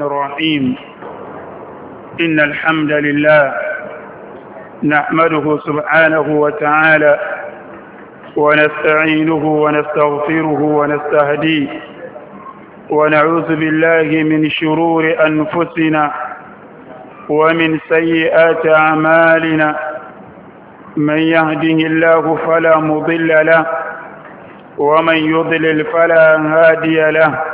الرحيم إن الحمد لله نحمده سبحانه وتعالى ونستعينه ونستغفره ونستهديه ونعوذ بالله من شرور أنفسنا ومن سيئات أعمالنا من يهده الله فلا مضل له ومن يضلل فلا هادي له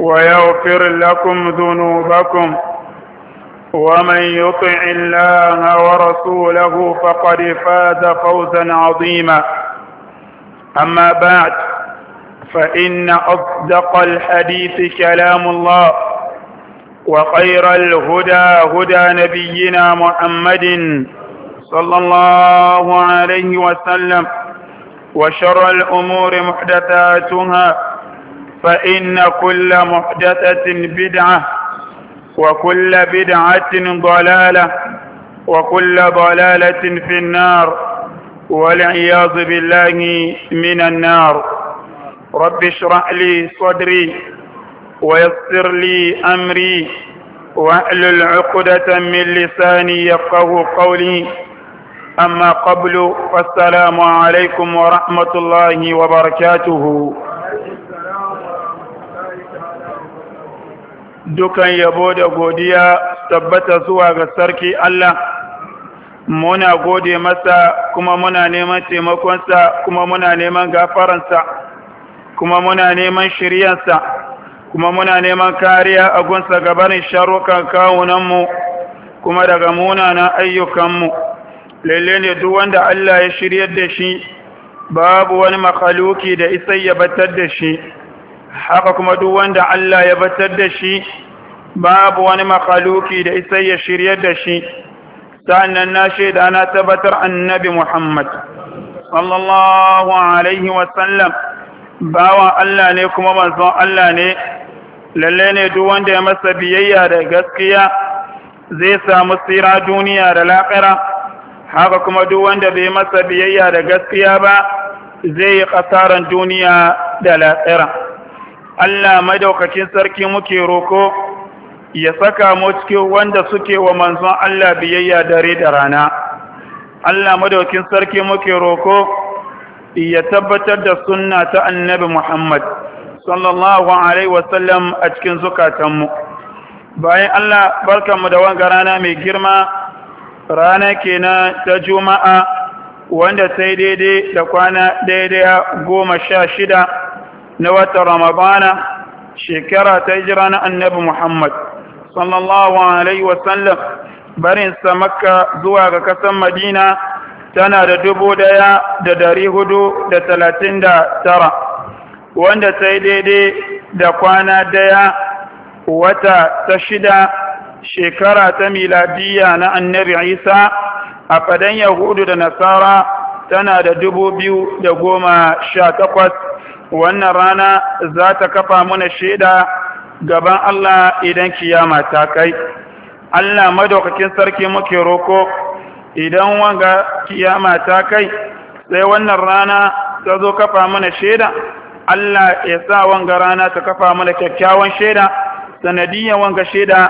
ويغفر لكم ذنوبكم ومن يطع الله ورسوله فقد فاز فوزا عظيما أما بعد فإن أصدق الحديث كلام الله وخير الهدى هدى نبينا محمد صلى الله عليه وسلم وشر الأمور محدثاتها فإن كل محدثة بدعة وكل بدعة ضلالة وكل ضلالة في النار والعياذ بالله من النار رب اشرح لي صدري ويسر لي أمري واحلل عقدة من لساني يفقه قولي أما قبل فالسلام عليكم ورحمة الله وبركاته dukan yabo da godiya tabbata zuwa ga sarki Allah muna gode masa kuma muna neman taimakonsa kuma muna neman gafaransa kuma muna neman shiryansa kuma muna neman kariya a gunsa gabanin sharukan kawunanmu kuma daga munanan ayyukanmu lalle ne duk wanda Allah ya shiryar da shi babu wani makaluki da isa ya batar da shi haka kuma duk wanda Allah ya batar da shi babu wani makaluki da isa ya shirya da shi sa'annan na shaida na tabbatar annabi Muhammad sallallahu alaihi wasallam bawa Allah ne kuma manzon Allah ne lalle ne duk wanda ya masa biyayya da gaskiya zai samu tsira duniya da laƙira haka kuma duk wanda bai masa biyayya da gaskiya ba zai yi ƙasaran duniya da laƙira Allah madaukacin sarki muke roko ya saka mu cikin wanda suke wa manzon Allah biyayya dare da rana Allah madaukakin sarki muke roko ya tabbatar da sunna ta annabi Muhammad sallallahu alaihi wasallam a cikin mu bayan Allah barka mu da wanga rana mai girma rana kenan ta juma'a wanda sai daidai da kwana daidai goma sha shida na watan ramadana shekara ta jira na annabi muhammad sallallahu alaihi wasallam barinsa makka zuwa ga kasan madina tana da dubu daya da dari hudu da talatin da tara wanda ta yi daidai da kwana daya wata ta shida shekara ta miladiya na annabi isa a fadan yahudu da nasara tana da dubu biyu da goma sha takwas wannan rana za ta kafa mana shaida gaban Allah idan kiyama ta kai Allah madaukakin sarki muke roko idan wanga kiyama ta kai sai wannan rana ta zo kafa mana shaida Allah ya sa wanga rana ta kafa mana kyakkyawan shaida sanadiyan wanga shaida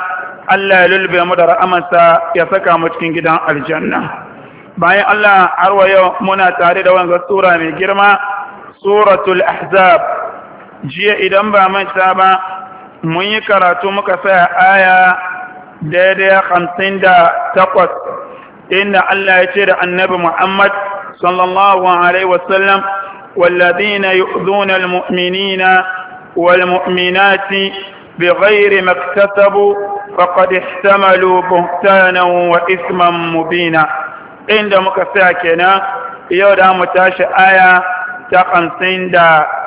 Allah ya lulbe mu da ra'amansa ya saka mu cikin gidan aljanna bayan Allah har wa yau muna tare da wanga sura mai girma suratul ahzab jiya idan ba manta ba mun yi karatu muka saya aya daidai hamsin da takwas inda Allah ya ce da annabi Muhammad sallallahu alaihi wasallam والذين يؤذون المؤمنين والمؤمنات بغير ما اكتسبوا فقد احتملوا بهتانا وإثما مبينا عند مكساكنا يودا متاش aya. ta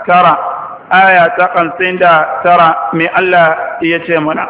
tara aya ta da tara mai Allah ya ce mana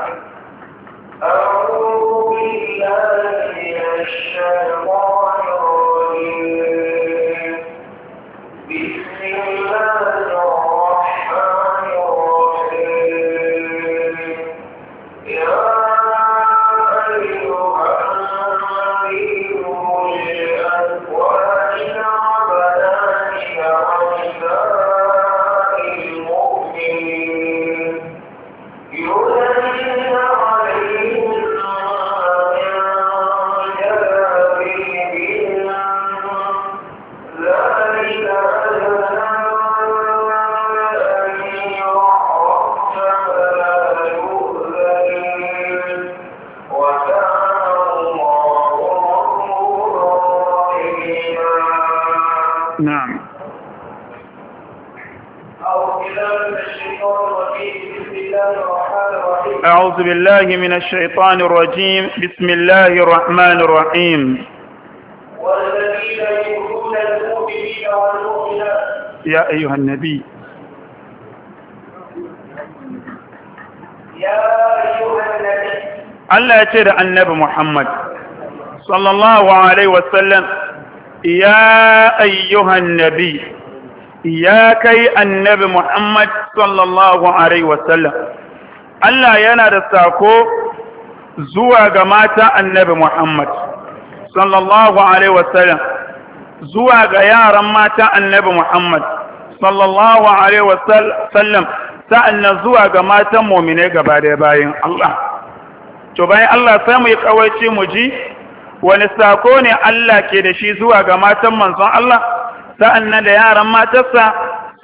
أعوذ بالله من الشيطان الرجيم بسم الله الرحمن الرحيم يا أيها النبي يا أيها النبي ألا ترى النبي محمد صلى الله عليه وسلم يا أيها النبي يا كي النبي محمد صلى الله عليه وسلم Allah yana da sako zuwa ga mata annabi Muhammad sallallahu alaihi wasallam zuwa ga yaran mata annabi Muhammad sallallahu alaihi wasallam sa'annan zuwa ga matan mu'mine gaba da bayin Allah to bayan Allah sai mu yi kawaici mu ji wani sako ne Allah ke da shi zuwa ga matan manzon Allah sa'annan da yaran matarsa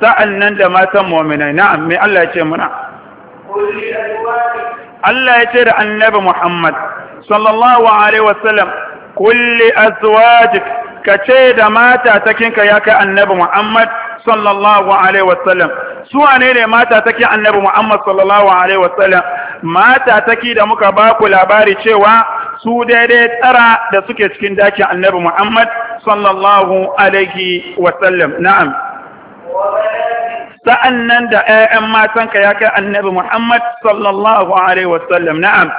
sa'annan da matan mu'mine na'am me Allah ya ce muna Allah ya ce da annabi Muhammad sallallahu alaihi wasallam kulli azwajik ka ce da mata takinka ya kai annabi Muhammad sallallahu alaihi wasallam su wane ne mata take annabi Muhammad sallallahu alaihi wasallam mata take da muka ba ku labari cewa su daidai tsara da suke cikin dakin annabi Muhammad sallallahu alaihi wasallam na'am sa'an nan da ‘ya'yan matanka ya kai annabi Muhammad sallallahu Alaihi wasallam na'am.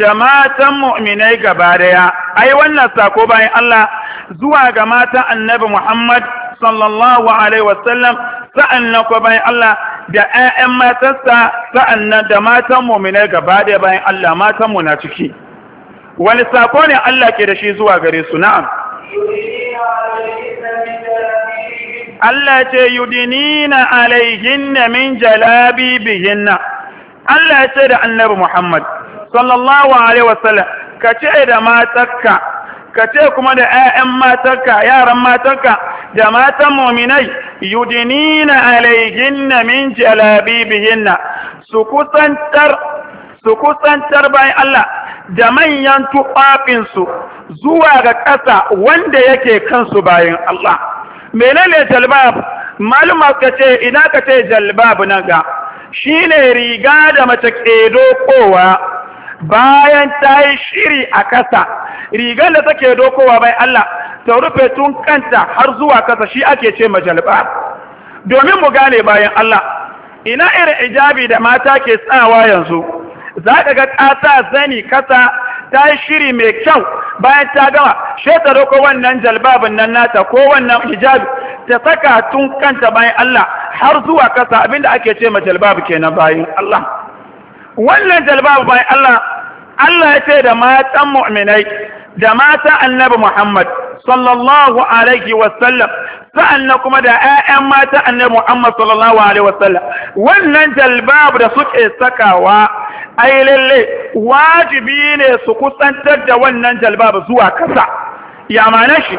Da matan mu'minai gaba daya, ai wannan sako bayan Allah zuwa ga matan annabi Muhammad sallallahu Alaihi wasallam sa'an nan ko bayan Allah da ‘ya'yan matansa sa'an nan da matan mu'minai gaba daya bayan Allah matan mu na ciki. Wani sako ne Allah ke da shi zuwa gare su na'am. Allah ce yudinina alaihinna min jalabibihinna Allah ce da annabi Muhammad sallallahu alaihi wasallam ka ce da matarka ka ce kuma da ƴaƴan matarka yaran matarka da matan mu'minai yudinina alaihinna min jalabibihinna su kusantar su kusantar bayan Allah da manyan tufafinsu zuwa ga ƙasa wanda yake kansu bayan Allah menene jalbab maluma ka ce ina ka ce jalbab nan ga shine riga da mace ke dokowa bayan ta yi shiri a kasa rigar da take dokowa bai Allah ta rufe tun kanta har zuwa kasa shi ake ce majalbab domin mu gane bayan Allah ina irin ijabi da mata ke tsawa yanzu za ka ga ƙasa zani kasa ta yi shiri mai kyau bayan ta gama Shekaru ko wannan jalbabin nan nata ko wannan hijabi ta saka tun kanta bayan Allah har zuwa kasa abinda ake ce ma jalbabu kenan bayan Allah wannan jalbabu bayan Allah Allah ya ce da matan mu'minai da mata annabi Muhammad sallallahu alaihi wasallam sa'annan kuma da ƴaƴan mata annabi Muhammad sallallahu alaihi wasallam wannan jalbab da suke sakawa ai lalle wajibi ne su kusantar da wannan jalbab zuwa kasa ya mana shi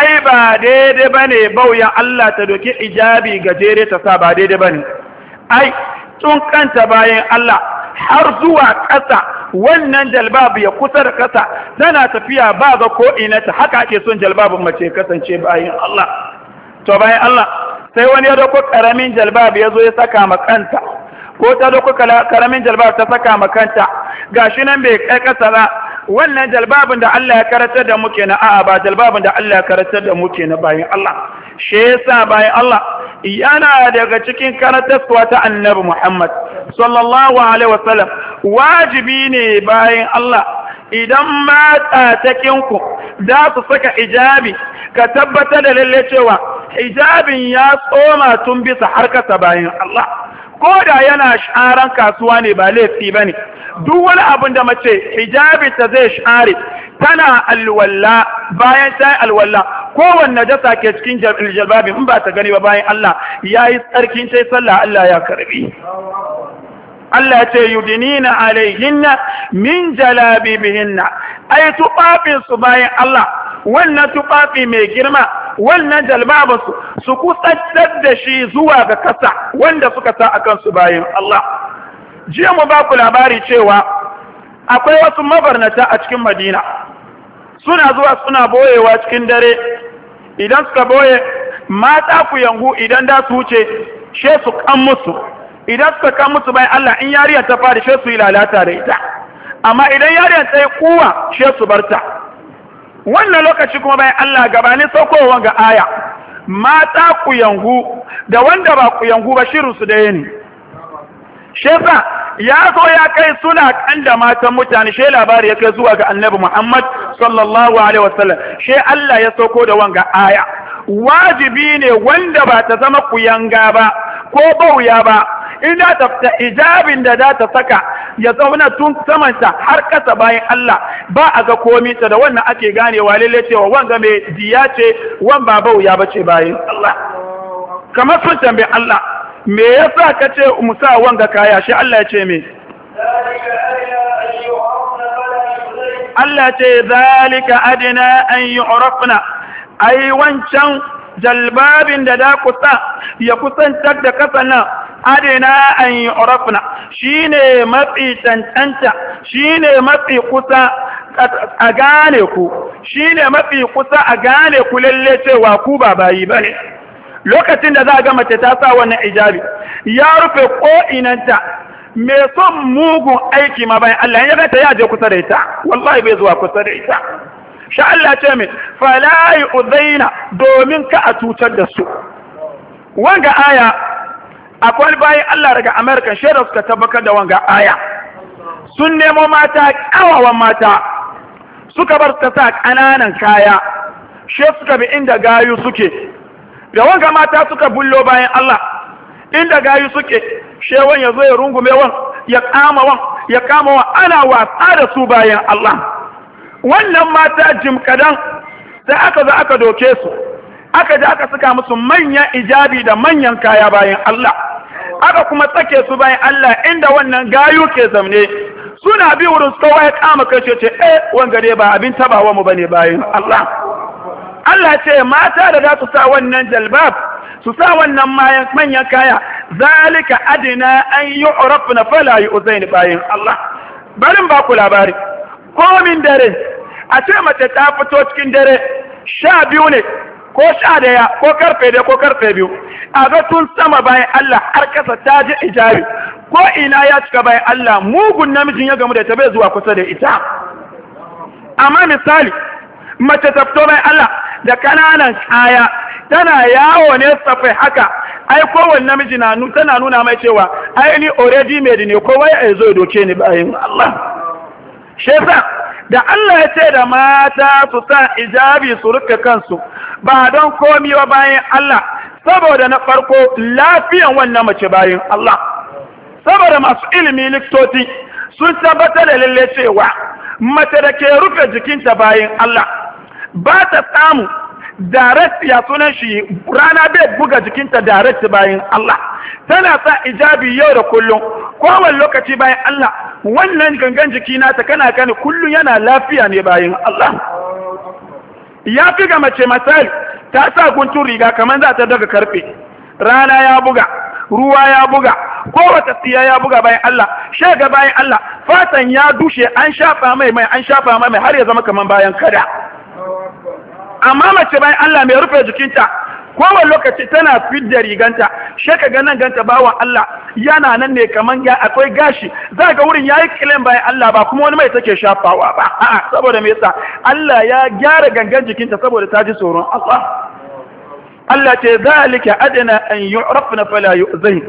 ai ba daidai bane bauyan Allah ta doki ijabi gajere ta sa ba daidai bane ai tun kanta bayan Allah har zuwa ƙasa wannan jalbabu ya kusa da ƙasa tana tafiya ba ga ko ina ta haka ake son jalbabu mace kasance bayan Allah to bayan Allah sai wani ya dauko karamin jalbabu ya zo ya saka ma kanta ko ta dauko karamin jalbabu ta saka ma kanta gashi nan bai kai ƙasa ba wannan jalbabin da Allah ya karatar da muke na a'a ba jalbabin da Allah ya karatar da muke na bayan Allah shi yasa bayan Allah yana daga cikin karatarwa ta annabi Muhammad sallallahu alaihi wasallam wajibi ne bayan Allah idan mata takinku da su saka hijabi ka tabbatar da lalle cewa hijabin ya tsoma tun bisa harkarsa bayan Allah ko da yana sharan kasuwa ne ba laifi bane duk wani abin da mace hijabi ta zai share tana alwalla bayan ta yi alwalla kowanne dasa ke cikin jalbabi in ba ta gani ba bayan Allah ya yi tsarkin sai sallah Allah ya karbi Allah ya ce yudinina alaihinna min jalabibihinna ai tufafin su bayan Allah wannan tufafi mai girma wannan jalbaba su su kusantar da shi zuwa ga kasa wanda suka sa akan su bayan Allah jiya mu ba ku labari cewa akwai wasu mabarnata a cikin madina suna zuwa suna boyewa cikin dare idan suka boye mata ku yangu idan da su wuce she su kan musu idan suka kan musu bai Allah in yariya ta fara she su yi lalata da ita amma idan yariya ta yi kuwa she su barta wannan lokaci kuma bai Allah gabanin saukowa ga aya mata ku yangu da wanda ba ku yangu ba shirin su da ne shi ya so ya kai suna kanda matan mutane shi labari ya kai zuwa ga annabi Muhammad sallallahu alaihi wasallam shi Allah ya sauko da wanga aya wajibi ne wanda ba ta zama kuyanga ba ko bauya ba ina ta ijabin da za ta saka ya zauna tun samanta har kasa bayan Allah ba a ga komi ta da wannan ake gane wa lalle cewa wanga mai diya ce wan ba bauya ba ce bayan Allah kamar sun tambayi Allah me yasa ka ce mu sa wanga kaya shi Allah ya ce me Allah ce zalika adina an yu'rafna ai wancan jalbabin da da kusa ya kusantar da nan, adina an yu'rafna shine matsi tantanta shine matsi kusa a gane ku shine matsi kusa a gane ku lalle cewa ku ba bayi bane lokacin da za ga mace ta sa wannan ijabi ya rufe ko'inanta mai son mugun aiki ma bayan Allah ya ganta ya je kusa da ita wallahi bai zuwa kusa da ita sha Allah ce mai falayi uzaina domin ka a cutar da su wanga aya akwai bayan Allah daga Amerika shaida suka tabbatar da wanga aya sun nemo mata kawawan mata suka bar ta sa ƙananan kaya she suka bi inda gayu suke da wanga mata suka bullo bayan Allah inda gayu suke shewan ya zo ya rungume wan ya kama wan ya kama wan ana wasa da su bayan Allah wannan mata jim kadan sai aka za aka doke su aka ji aka saka musu manyan ijabi da manyan kaya bayan Allah aka kuma tsake su bayan Allah inda wannan gayu ke zamne suna bi wurin wa ya kama kashe ce eh wanga dai ba abin tabawa mu bane bayan Allah Allah ce mata da za su sa wannan jalbab su sa wannan manyan kaya zalika adina an yi urafu na falaye yi uzaini bayan Allah barin ba labari komin dare a ce mace ta fito cikin dare sha biyu ne ko sha daya ko karfe daya ko karfe biyu a ga tun sama bayan Allah har kasa ta ji ijabi ko ina ya cika bayan Allah mugun namijin ya gamu da ta bai zuwa kusa da ita amma misali mace ta mai Allah da kananan kaya tana yawo ne safai haka ai kowanne namiji na tana nuna mai cewa ai ni already made ne kowa ya zo doke ni bayan Allah shefa da Allah ya ce da mata su sa ijabi su rika kansu ba don komi ba bayan Allah saboda na farko lafiyan wannan mace bayan Allah saboda masu ilimi liktoci sun tabbatar da lalle cewa mace da ke rufe jikinta bayan Allah ba ta samu direct ya sunan shi rana bai buga jikinta direct bayan Allah tana sa ijabi yau da kullum kowane lokaci bayan Allah wannan gangan jiki ta kana kani kullum yana lafiya ne bayan Allah ya fi ga mace misali ta sa guntun riga kamar za ta daga karfe rana ya buga ruwa ya buga kowace siya ya buga bayan Allah shaga bayan Allah fatan ya dushe an shafa mai mai an shafa mai har ya zama kamar bayan kada amma mace bayan Allah mai rufe jikinta kowane lokaci tana fit da riganta shaka ga nan ganta bawan Allah yana nan ne kaman ya akwai gashi za ga wurin yayi kilin bayan Allah ba kuma wani mai take shafawa ba a'a saboda me yasa Allah ya gyara gangan jikinta saboda ta ji tsoron Allah Allah ce zalika adana an yu'rafna fala yu'zain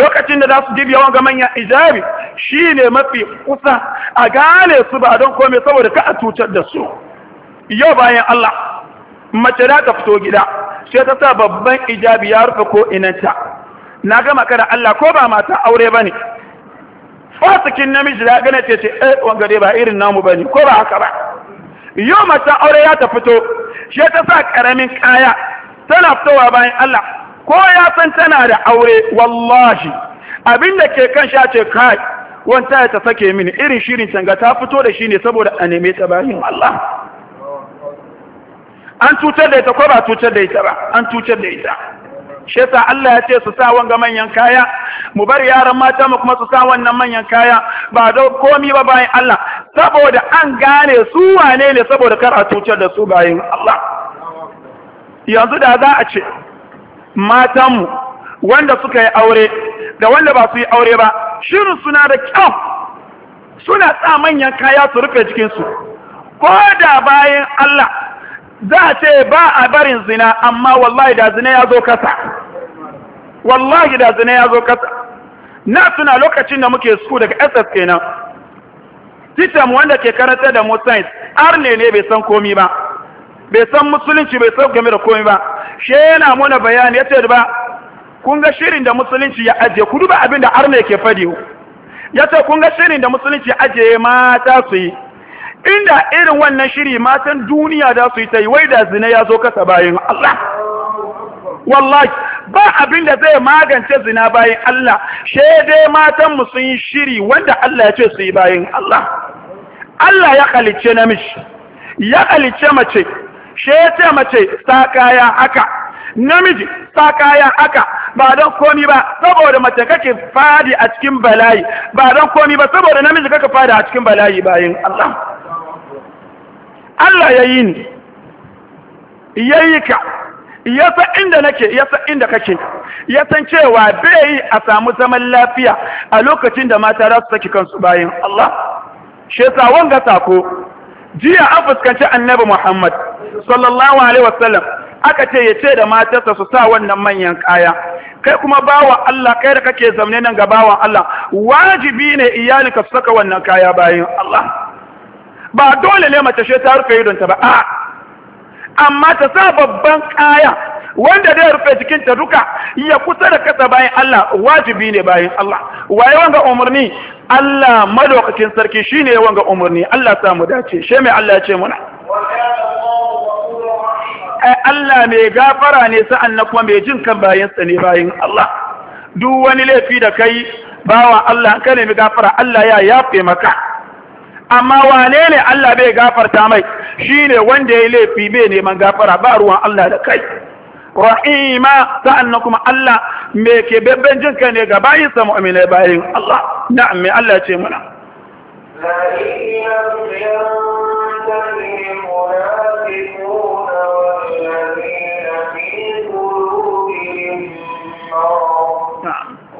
lokacin da za su dibiya wanga manyan ijabi ne mafi kusa a gane su ba don komai saboda ka a cutar da su yau bayan Allah mace za ta fito gida sai ta sa babban ijabi ya rufe ko inanta na gama kada Allah ko ba mata aure ba ne fasikin namiji da gane ce ce eh wangare ba irin namu ba ne ko ba haka ba yau mata aure ya ta fito sai ta sa karamin kaya tana fitowa bayan Allah ko ya san tana da aure wallahi abin da ke kan shace ce kai wanta ta sake mini irin shirin canga ta fito da shi ne saboda a neme ta bayan Allah an cutar da ita ko ba cutar da ita ba an cutar da ita shi yasa Allah ya ce su sa wanga manyan kaya mu bar yaran mata mu kuma su sa wannan manyan kaya ba da komi ba bayan Allah saboda an gane su wane ne saboda kar a cutar da su bayan Allah yanzu da za a ce matan mu wanda suka yi aure da wanda ba su yi aure ba shirin suna da kyau suna sa manyan kaya su rufe jikinsu ko da bayan Allah za a ce ba a barin zina amma wallahi da zina ya zo kasa wallahi da zina ya zo kasa na tuna lokacin da muke su daga ss kenan titam wanda ke karanta da mu science arne ne bai san komi ba bai san musulunci bai san game da komi ba she yana muna bayani ce ba kun ga shirin da musulunci ya ajiye ku duba abin da arne ke fadi ce kun ga shirin da musulunci ya ajiye mata su yi inda irin wannan shiri matan duniya da su yi ta yi wai da zina ya zo kasa bayan Allah wallahi ba abin da zai magance zina bayan Allah she dai matan mu sun yi shiri wanda Allah ya ce su yi bayan Allah Allah ya kalice namiji ya kalice mace she mace sa kaya haka namiji sa kaya haka ba don komi ba saboda mace kake fadi a cikin balayi, ba don komi ba saboda namiji kake fadi a cikin balayi bayan Allah Allah ya yi ni ya yi ka ya san inda nake ya san inda kake ya san cewa bai yi a samu zaman lafiya a lokacin da mata za su saki kansu bayan Allah she sa wanga sako jiya an fuskanci annabi Muhammad sallallahu alaihi wasallam aka ce ya ce da matarsa su sa wannan manyan kaya kai kuma bawa Allah kai da kake zamne nan ga bawan Allah wajibi ne iyalinka su saka wannan kaya bayan Allah ba dole ne mace she ta rufe idonta ba a amma ta sa babban kaya wanda zai rufe jikinta duka ya kusa da kasa bayan Allah wajibi ne bayan Allah waye wanga umarni Allah madaukakin sarki shine wanga umarni Allah samu mu dace she mai Allah ya ce muna Allah mai gafara ne sa'an na kuma mai jin kan bayansa ne bayan Allah duk wani laifi da kai bawa Allah ka nemi gafara Allah ya yafe maka amma wane ne Allah bai gafarta mai shine wanda ya laifi bai neman gafara ba ruwan Allah da kai rahima sa'annan kuma Allah me ke babban jin kai ne ga bayin sa mu'mina bayin Allah na'am me Allah ce muna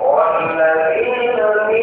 والذين في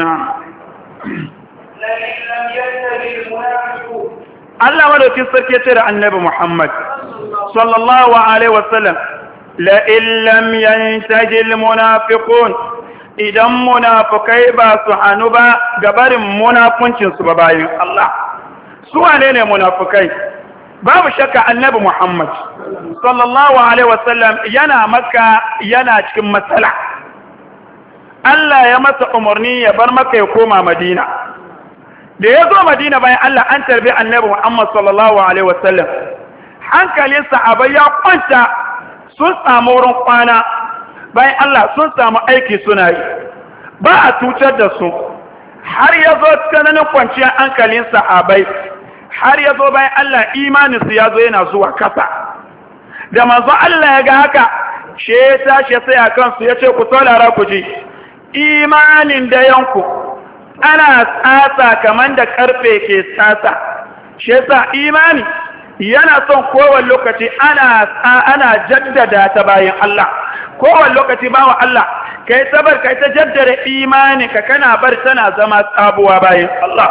Allah madaukin sarki ce da annabi Muhammad sallallahu alaihi wasallam munafiqun idan munafikai ba su hanu ba gabarin munafuncin su ba bayan Allah su wane ne munafikai babu shakka annabi Muhammad sallallahu alaihi wasallam yana maka yana cikin matsala Allah ya masa umarni ya bar maka ya koma Madina da ya zo Madina bayan Allah an tarbi annabi Muhammad sallallahu alaihi wasallam hankalin sahabbai ya kwanta sun samu wurin kwana bayan Allah sun samu aiki suna yi ba a tutar da su har ya zo tsananin kwanciyar hankalin sahabbai har ya zo bayan Allah imaninsu ya zo yana zuwa kasa da manzo Allah ya ga haka shi ya tashi ya a kansu ya ce ku saurara ku ji imanin da yanku ana tsatsa kamar da karfe ke tsatsa shi sa imani yana son kowane lokaci ana ana jaddada ta bayan Allah kowane lokaci bawa Allah kai sabar kai ta jaddada imani ka kana bar tana zama tsabuwa bayan Allah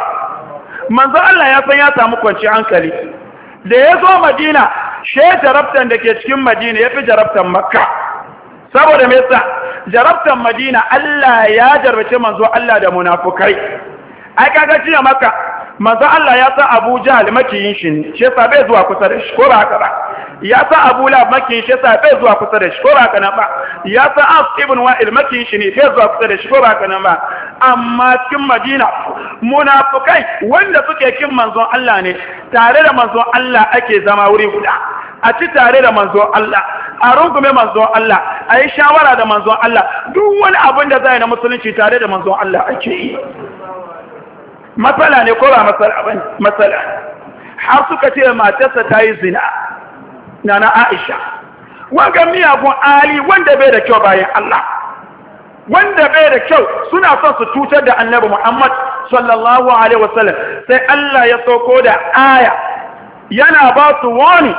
manzo Allah ya san ya samu kwanci hankali da ya zo Madina she jarabtan da ke cikin Madina yafi fi jarabtan Makka saboda me yasa jarabtan madina Allah ya jarbace manzo Allah da munafukai ai kaga jiya maka maza Allah ya sa Abu Jahl makiyin shi shi sa bai zuwa kusa da shi ko ba haka ba ya sa Abu Lahab makiyin shi yasa bai zuwa kusa da shi ko ba haka nan ba ya sa As ibn Wa'il makiyin shi ne bai zuwa kusa da shi ko ba haka nan ba amma cikin Madina munafukai wanda suke kin manzon Allah ne tare da manzon Allah ake zama wuri guda a ci tare da manzon Allah a rungume manzon Allah a yi shawara da manzon Allah duk wani abin da zai na musulunci tare da manzon Allah ake yi matsala ne ko ba matsala ne har suka ce matarsa ta yi zina na na aisha wanga miyagun ali wanda bai da kyau bayan Allah wanda bai da kyau suna son su cutar da annabi Muhammad sallallahu alaihi wasallam sai Allah ya sauko da aya yana ba su wani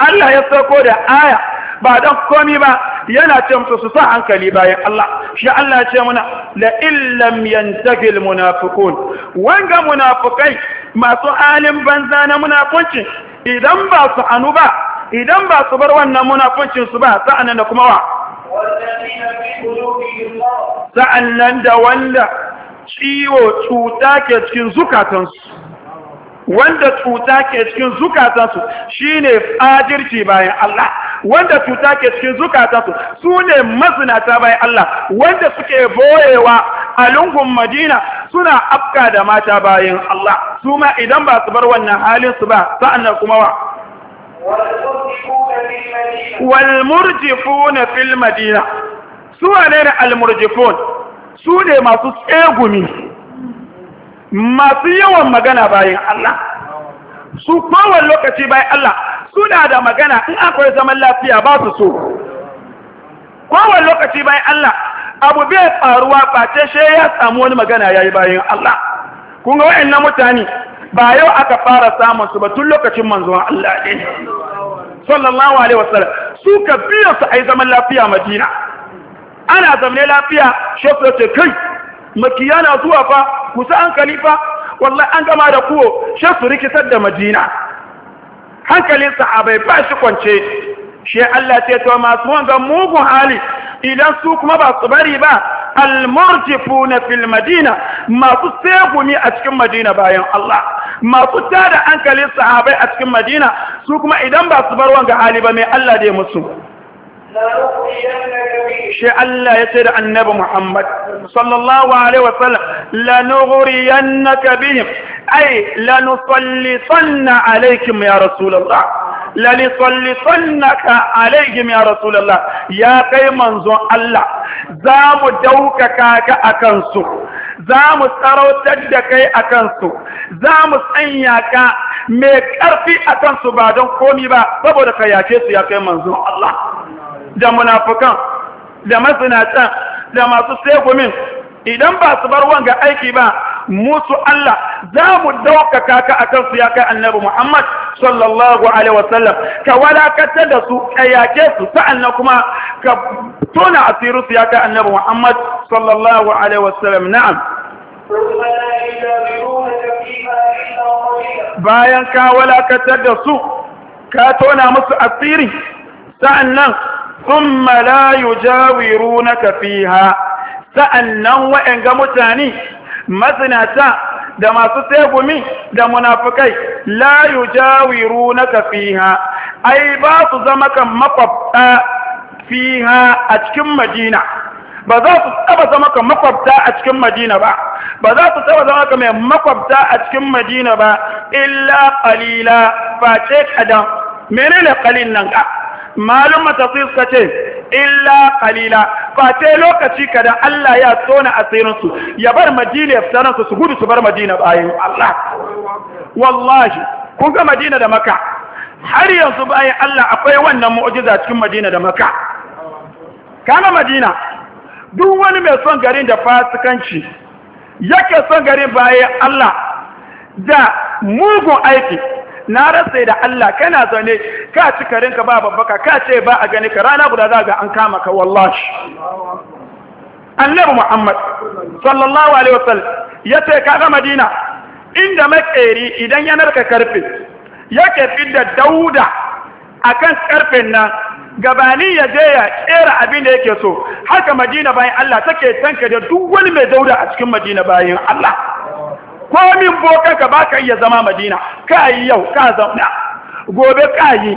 Allah ya sauko da aya ba don komi ba yana ce musu su sa hankali bayan Allah shi Allah ce muna la illam yantahil munafiqun wanga munafukai masu halin banza na munafunci idan ba su anu ba idan ba su bar wannan munafuncin su ba sa'annan da kuma wa sa'annan da wanda ciwo cuta ke cikin zukatansu wanda cuta ke cikin zukatansu shine fajirci bayan Allah wanda cuta ke cikin zukatansu su ne mazinata bayan Allah wanda suke boyewa a lungun Madina suna afka da mata bayan Allah su ma idan ba su bar wannan halin su ba sa'annan kuma wa walmurjifuna fil madina su ne almurjifun su ne masu tsegumi masu yawan magana bayan Allah su kowar lokaci bayan Allah suna da magana in akwai zaman lafiya ba su so kowar lokaci bayan Allah abu bai faruwa face she ya samu wani magana yayi bayan Allah kun ga wayannan mutane ba yau aka fara samun su ba tun lokacin manzon Allah ne sallallahu alaihi wasallam su ka biyo su ai zaman lafiya Madina ana zamne lafiya shofe kai makiya na zuwa fa kusa hankali fa wallai an gama da kuwo shi su rikitar da madina hankalin sahabai ba shi kwance shi Allah ce to masu wanga mugun hali idan su kuma ba su bari ba almurtifuna fil madina masu tsegumi a cikin madina bayan Allah masu tada hankalin sahabai a cikin madina su kuma idan ba su bar wanga hali ba mai Allah dai musu shi Allah ya ce da annabi Muhammad sallallahu alaihi wa sallam la nughriyannaka bihim ay la nusallitanna alaykum ya rasulullah la ka, alaykum ya rasulallah. ya kai manzon Allah za mu daukaka ka a kansu. za mu tsarautar da kai a kansu za mu tsanya ka mai ƙarfi a kansu ba don komi ba saboda ka yake su ya kai manzon Allah da munafukan da masinatan da masu segumin idan ba su bar wanga aiki ba musu Allah za mu ɗaukaka ka a kansu ya kai annabi Muhammad sallallahu alaihi wasallam ka wadakatar da su kayake su sa'annan kuma ka tona asiru su ya kai annabi Muhammad sallallahu alaihi wasallam na'am bayan ka wadakatar da su ka tona musu asiri sa'annan thumma la yujawirunaka fiha sa'annan waɗanga mutane mazinata da masu tsegumi da munafukai jawiru na fiha ai ba su zama kan makwabta fiha a cikin madina ba za su taba zama kan makwabta a cikin madina ba ba za su taba zama kan mai makwabta a cikin madina ba illa ƙalila, face kadan menene ƙalin nan ka malum matafis ka ce illa alila, ba ce lokaci kada Allah ya tsona asirinsu ya bar madina ya fitar su gudu su bar madina bayan Allah wallahi kun ga madina da maka? har yanzu bayan Allah akwai wannan mu'jiza cikin madina da maka. kana madina duk wani mai son garin da fasikanci yake son garin bayan Allah da mugun aiki na rantsa da Allah kana zaune ka ci karin ka ba babbaka ka ce ba a gani ka rana guda za ga an kama ka wallahi annabi Muhammad sallallahu alaihi wasallam yace ka ga Madina inda makeri idan ya narka karfe yake fidda dauda akan karfen nan gabani ya je ya kera abin da yake so haka Madina bayan Allah take tanka da duk wani mai dauda a cikin Madina bayan Allah komin bokanka ba ka iya zama madina ka yi yau ka zauna gobe ka yi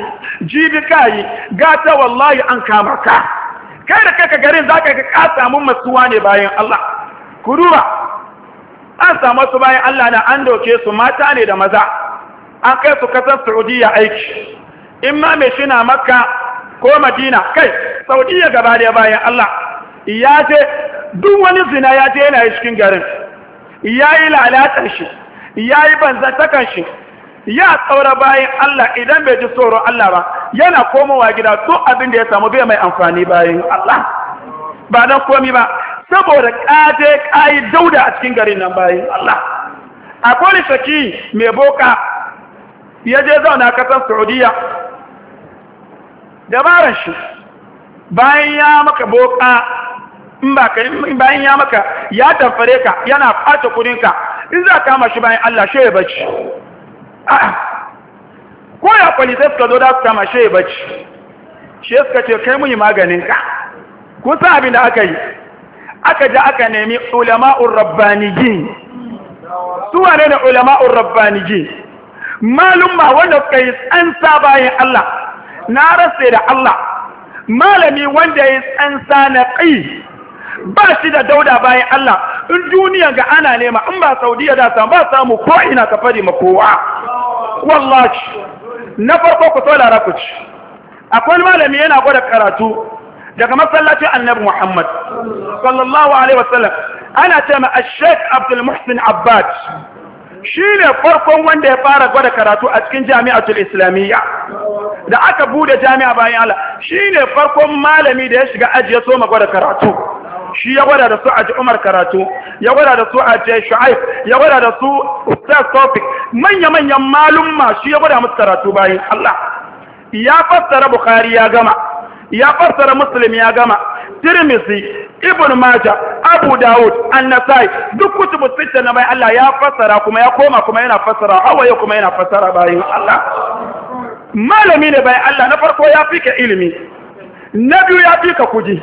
jibi ka yi gata wallahi an kama ka kai da kaka garin za ka ka samu masuwa ne bayan Allah ku duba an samu su bayan Allah na an doke su mata ne da maza an kai su kasar Saudiya aiki in ma mai shi na makka ko madina kai Saudiya gaba da bayan Allah ya je duk wani zina ya je yana cikin garin ya yi lalatar shi ya yi banzantakan shi ya tsaura bayan Allah idan bai ji tsoron Allah ba yana komowa gida duk abin da ya samu bai mai amfani bayan Allah ba don komi ba saboda kaje kayi dauda a cikin garin nan bayan Allah A kori saki mai boka ya je zauna kasar Saudiya dabaran shi bayan ya maka boka in ba ka bayan ya maka ya tamfare ka yana ɓata kudinka in za kama shi bayan Allah shi ya bacci ko ya kwali sai suka zo da suka kama shi ya bacci shi suka ce kai muni maganin ka kun san abin da aka yi aka ji aka nemi ulama'ur rabbanijin su wane ne ulama'ur malum ma wanda suka yi tsansa bayan Allah na rasa da Allah malami wanda ya yi tsansa na ƙi ba shi da dauda bayan Allah in duniya ga ana nema in ba Saudiya da samu ba samu ko ina ka fari ma kowa wallahi na farko ku lara ku ci akwai malami yana gwada karatu daga masallacin annabi Muhammad sallallahu alaihi wasallam ana ce ma Sheikh Abdul Muhsin Abbad shine farkon wanda ya fara gwada karatu a cikin Jami'atul Islamiyya da aka bude jami'a bayan Allah shine farkon malami da ya shiga aji ya soma gwada karatu shi ya gwada da su a ji umar karatu ya gwada da su a ji shu'aib ya gwada da su ustaz topic manya-manyan malumma shi ya gwada musu karatu bayan allah ya fassara bukhari ya gama ya fassara muslim ya gama tirmidhi ibn majah abu dawud an-nasai duk kutubu sita na bayan allah ya fassara kuma ya koma kuma yana fassara hawaye kuma yana fassara bayan allah malami ne bayan allah na farko ya fi ka ilimi na biyu ya fi ka kuji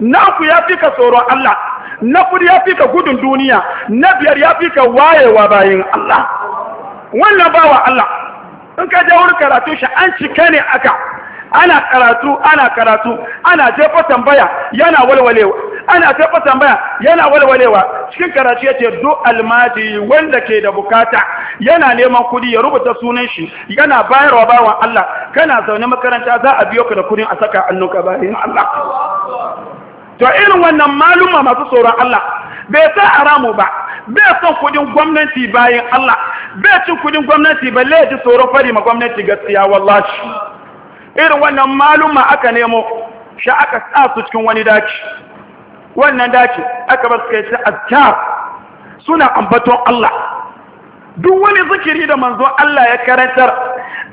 naku ya fi ka tsoron Allah na kudu ya fi ka gudun duniya na biyar ya fi ka wayewa bayan Allah wannan bawa Allah in ka je wurin karatu shi an cika ne aka ana karatu ana karatu ana jefa tambaya yana walwalewa ana jefa tambaya yana walwalewa cikin karatu yace do almadi wanda ke da bukata yana neman kudi ya rubuta sunan shi yana bayarwa bawan Allah kana zaune makaranta za a biyo ka da kudin a saka annuka bayan Allah to irin wannan maluma masu tsoron Allah bai sa haramu ba bai son kudin gwamnati bayan Allah bai cin kudin gwamnati ba ji tsoron fari ma gwamnati gaskiya wallahi irin wannan maluma aka nemo shi aka sa su cikin wani daki wannan daki aka bar kai yi azkar suna ambaton Allah duk wani zikiri da manzo Allah ya karantar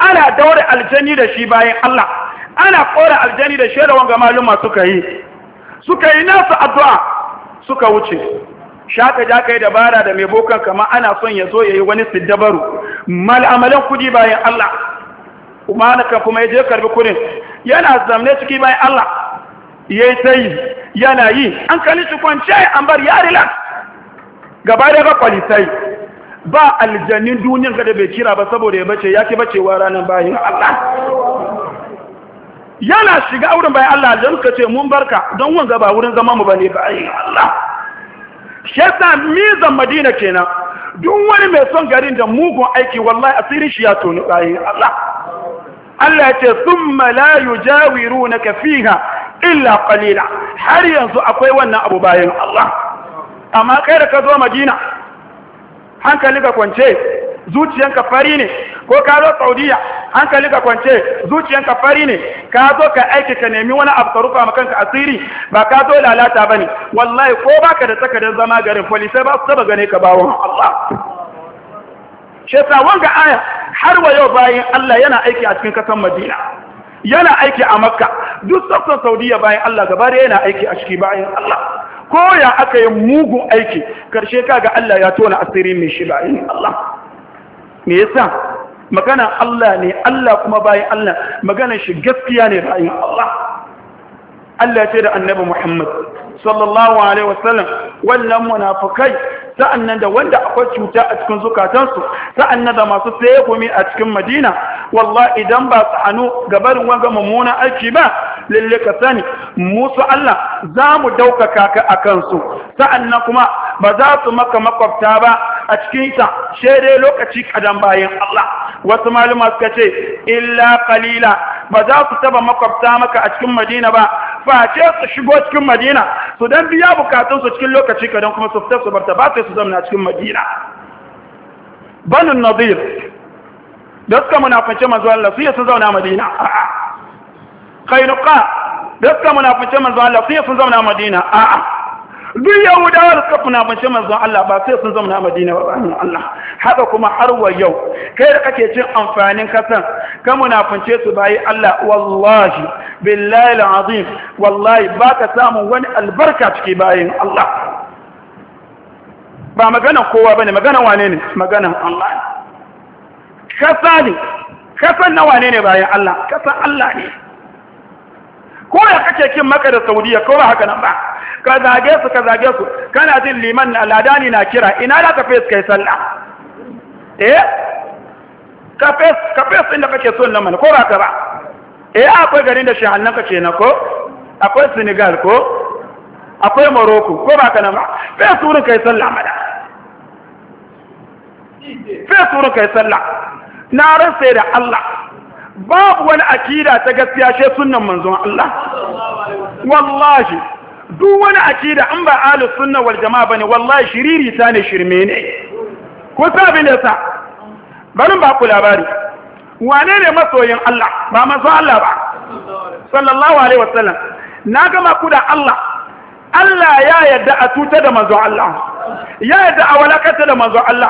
ana daure aljani da shi bayan Allah ana kora aljani da da wanga maluma suka yi suka yi nasu addu'a suka wuce shaka ja yi dabara da mai bokan kamar ana son ya zo ya yi wani siddabaru mal'amalan kudi bayan Allah umarnuka kuma ya je karbi kudin yana zamne ciki bayan Allah ya yi ta yi yana yi an kalli shi kwance an bar ya relax gaba da ga kwalitai ba aljannin duniyan ka da bai kira ba saboda ya bace ya ke bacewa ranar bayan Allah yana shiga auren bayan Allah da suka ce mun barka don wanga ba wurin zama mu bane ba Allah shi yasa mizan Madina kenan duk wani mai son garin da mugun aiki wallahi asirin shi ya tonu ai Allah Allah ya ce thumma la yujawirunaka fiha illa qalila har yanzu akwai wannan abu bayan Allah amma kai da ka zo Madina hankali ka kwance zuciyanka fari ne ko ka zo saudiya hankali ka kwance zuciyarka fari ne ka zo ka aiki ka nemi wani abu ka rufa ma kanka asiri ba ka zo lalata bane wallahi ko baka da takardar zama garin police ba su taba gane ka ba wa Allah shesa wanga aya har wa yau bayan Allah yana aiki a cikin kasan Madina yana aiki a Makka duk sassan Saudiya bayan Allah gaba yana aiki a ciki bayan Allah ko ya aka yi mugu aiki karshe kaga Allah ya tona asirin mai shi bayan Allah me yasa magana Allah ne Allah kuma bayan Allah magana shi gaskiya ne bayan Allah Allah ce da annabi Muhammad sallallahu alaihi wasallam wannan munafikai sa'annan da wanda akwai cuta a cikin zukatansu sa'annan da masu tsaye a cikin Madina wallahi idan ba su hannu gabarin wanga mummuna aiki ba lalle ka sani musu Allah za mu daukaka ka a kansu sa'annan kuma ba za su maka makwabta ba a cikin ta dai lokaci kadan bayan Allah wasu malama suka ce illa qalila ba za su taba makwabta maka a cikin Madina ba face su shigo cikin Madina su dan biya bukatun cikin lokaci kadan kuma su fita su barta ba su zamna cikin Madina banin nadir da suka munaface manzo Allah su yi su zauna Madina a'a kainuka dukkan munafincin manzon Allah sai sun zauna Madina a'a duk yahudawa da suka funabance manzon Allah ba sai sun zama madina ba bayan Allah haka kuma har wa yau kai da kake cin amfanin kasan ka munafunce su bayi Allah wallahi billahi alazim wallahi ba ka samu wani albarka ciki bayin Allah ba magana kowa bane magana wane ne maganan Allah ne. kasa ne kasan na wane ne bayan Allah kasan Allah ne ko ya kake kin maka da saudiya ko ba haka nan ba ka zage su ka zage su kana jin liman na na kira ina da ka fes kai sallah eh ka fes ka fes inda kake son nan mana ko ba ka ba eh akwai garin da shehan nan kace na ko akwai senegal ko akwai morocco ko ba ka nan ba fes wurin kai sallah mada fes wurin kai sallah na rasa da Allah babu wani akida ta gaskiya she sunnan manzon Allah wallahi duk wani akida an ba ahlus sunna wal jama'a bane wallahi shiriri ta ne shirme ne ko sabin da sa barin ba ku labari wane ne masoyin Allah ba maso Allah ba sallallahu alaihi wasallam na gama ku da Allah Allah ya yadda a tuta da manzo Allah ya yadda a walakata da manzo Allah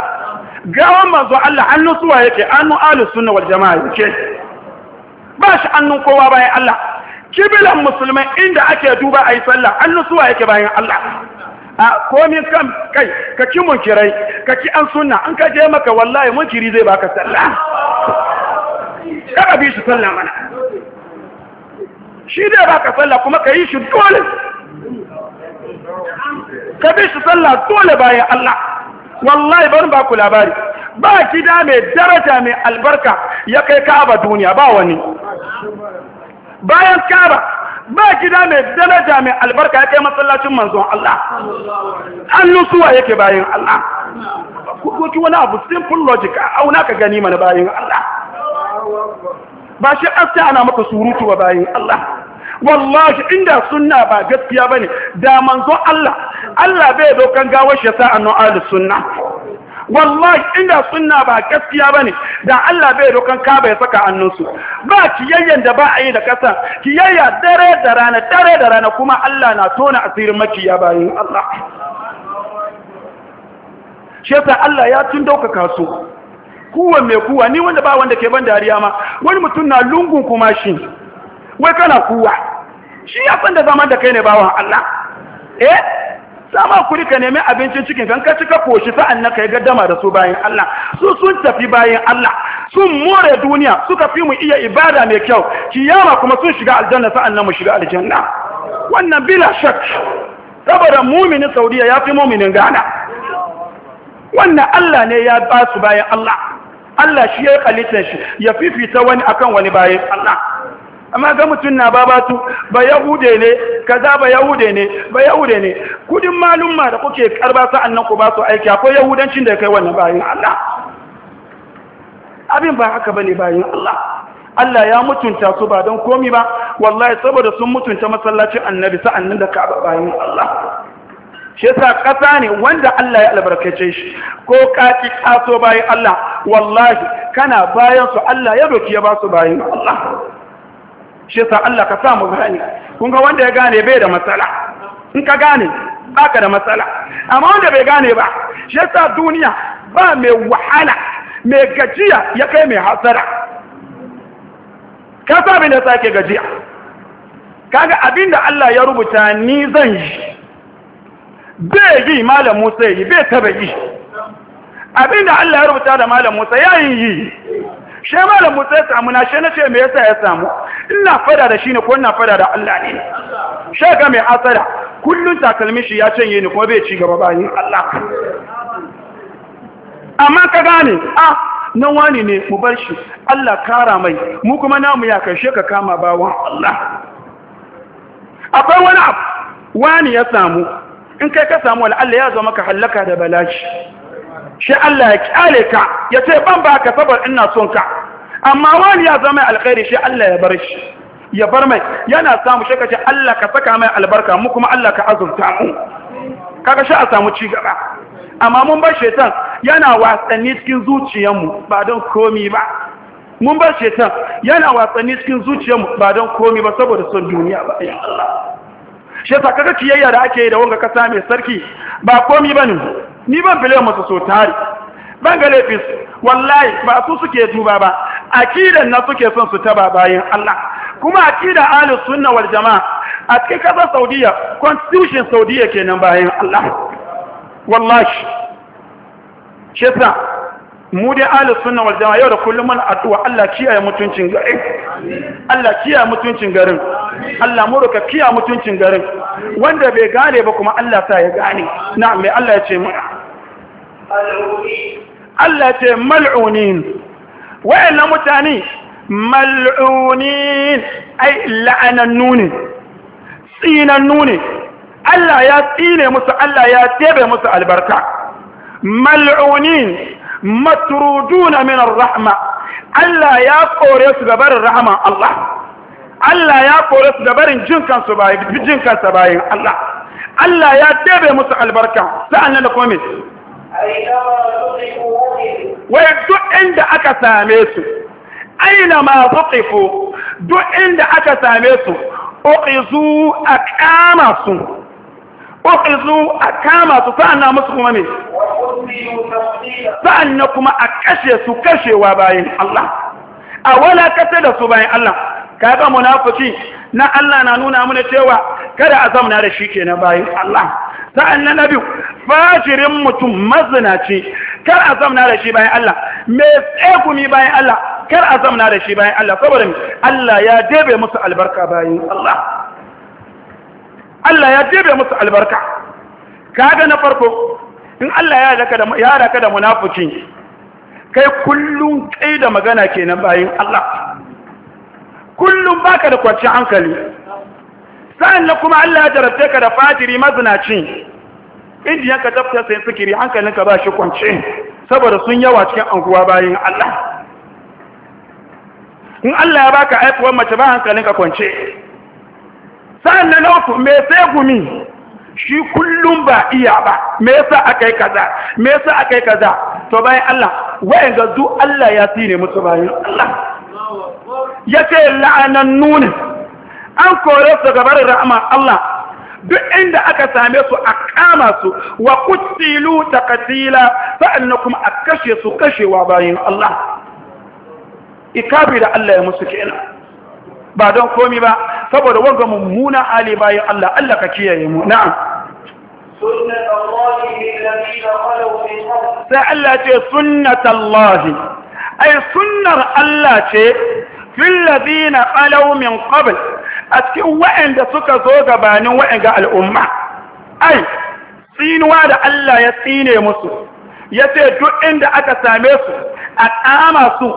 gawan manzo Allah hannun suwa yake hannun ahlus sunna wal jama'a yake ba shi annun kowa bayan Allah kibilan musulmai inda ake duba a yi sallah an suwa yake bayan Allah a komi kan kai ka ki munkirai ka ki an sunna an ka je maka wallahi munkiri zai baka sallah ka bi shi sallah mana shi zai baka sallah kuma ka yi shi dole ka bi shi sallah dole bayan Allah wallahi ban ba ku labari ba gida mai daraja mai albarka ya kai ka'aba duniya ba wani bayan kaba ba gida mai daraja mai albarka ya kai masallacin manzon Allah hannun suwa yake bayan Allah kuki wani abu simple logic a auna ka gani mana bayan Allah ba shi asta ana maka surutu wa bayan Allah wallahi inda sunna ba gaskiya bane da manzon Allah Allah bai dokan gawar shi sa annu sunna wallahi inda sunna ba gaskiya bane da Allah bai rokan kaba ya saka hannunsu ba kiyayyen da ba a yi da kasa kiyayya dare da rana dare da rana kuma Allah na tona asirin makiya bayin Allah shi yasa Allah ya tun daukaka su kuwa mai kuwa ni wanda ba wanda ke ban dariya ma wani mutum na lungun kuma shi wai kana kuwa shi ya san da zaman da kai ne bawan Allah eh sama ku ka nemi abincin cikin kan ka cika koshi sa'an na ka gaddama da su bayan Allah su sun tafi bayan Allah sun more duniya suka fi mu iya ibada mai kyau kiyama kuma sun shiga aljanna sa'an nan mu shiga aljanna wannan bila shak saboda muminin saudiya ya fi muminin Gana. wannan Allah ne ya ba su bayan Allah Allah shi ya yi shi ya fifita wani akan wani bayan Allah amma ga mutum na babatu ba yahude ne kaza ba yahude ne ba yahude ne kudin ma da kuke karba sa'annan ku ba su aiki akwai yahudancin da kai wannan bayan Allah abin ba haka bane bayan Allah Allah ya mutunta su ba don komi ba wallahi saboda sun mutunta masallacin annabi sa'annan da ka bayan Allah shi yasa ƙasa ne wanda Allah ya albarkace shi ko ka ki kaso bayan Allah wallahi kana bayan su Allah ya doki ya ba su bayan Allah shi sa Allah ka sa mu gane kun ga wanda ya gane bai da matsala in ka gane baka da matsala amma wanda bai gane ba shi sa duniya ba mai wahala mai gajiya ya kai mai hasara ka sa bin da sake gajiya kaga abinda Allah ya rubuta ni zan yi bai yi malam Musa yi bai taba yi abinda Allah ya rubuta da malam Musa yayin yi she malamu mutsa ya samu na shi na ce me yasa ya samu ina fada da shi ne ko ina fada da Allah ne shi ga mai asara kullun takalmin shi ya canye ni kuma bai ci gaba bayan Allah amma ka gane a nan wani ne mu bar shi Allah kara mai mu kuma namu ya karshe ka kama bawan Allah akwai wani abu wani ya samu in kai ka samu Allah ya zo maka hallaka da balaji shi Allah ya kyale ka ya ce ban ba ka sabar ina son ka amma wani ya zama alkhairi shi Allah ya bar shi ya bar mai yana samu shi kace Allah ka saka mai albarka mu kuma Allah ka azurta mu kaga shi a samu ci gaba amma mun bar shetan yana wasanni cikin zuciyar mu ba don komi ba mun bar shetan yana wasanni cikin zuciyar mu ba don komi ba saboda son duniya ba ya Allah shi yasa kaga ciyayya da ake yi da wanga kasa mai sarki ba komi bane ni ban bile musu so tare ban ga lafis wallahi ba su suke duba ba akidan na suke son su ta bayan Allah kuma akida ahlus sunna wal jamaa a cikin kasar Saudiya constitution Saudiya kenan bayan Allah wallahi shi yasa mu dai ahlus sunna wal jamaa yau da kullum mun addu'a Allah kiyaye mutuncin garin Allah kiyaye mutuncin garin Allah mu roka kiya mutuncin garin wanda bai gane ba kuma Allah sa ya gane Na'am mai Allah ya ce mana Allah ya ce mal'unin wayannan mutane mal'unin ai la'anannu ne tsinannu ne Allah ya tsine musu Allah ya tebe musu albarka mal'unin matruduna min ar-rahma Allah ya kore su barin rahman Allah Allah ya kore su da barin jin kansu bayan jin kansa bayan Allah Allah ya tebe musu albarka sa'annan da kuma me waya duk inda aka same su aina ma zuqifu duk inda aka same su a kama su a kama su sa'annan musu kuma me sa'annan kuma a kashe su kashewa bayan Allah a wala kace da su bayan Allah kaga munafiki na Allah na nuna mana cewa kada a zamana da shi kenan bayan Allah sa'an na nabi fajirin mutum mazinaci kar a zamana da shi bayan Allah me tsegumi bayan Allah kar a zamana da shi bayan Allah saboda Allah ya debe musu albarka bayan Allah Allah ya debe musu albarka kaga na farko in Allah ya raka da ya raka da munafiki kai kullun kai da magana kenan bayan Allah kullum baka da kwanci hankali sa'an na kuma Allah ya jarabce ka da fajiri mazinaci indiyan ka tafiya sayin sikiri hankalinka ba shi kwanci saboda sun yawa cikin anguwa bayan Allah in Allah ya baka aifuwar mace ba hankalinka kwanci sa'an na lautu mai sai gumi shi kullum ba iya ba me yasa akai kaza me yasa akai kaza to bayan Allah wayan ga duk Allah ya tsine musu bayan Allah ya ce la'anannu ne an kore su gabar rahama Allah duk inda aka same su a kama su wa ta takatila sa'annan kuma a kashe su kashewa bayan Allah ikabi da Allah ya musu kenan ba don komi ba saboda wanga mummuna hali bayan Allah Allah ka kiyaye mu na'am sai Allah ce sunnatallahi ai sunnar Allah ce fillazina alaumin min a cikin waɗanda suka zo gabanin wa'anga al'umma ai tsinuwa da Allah ya tsine musu ya ce duk inda aka same su a kama su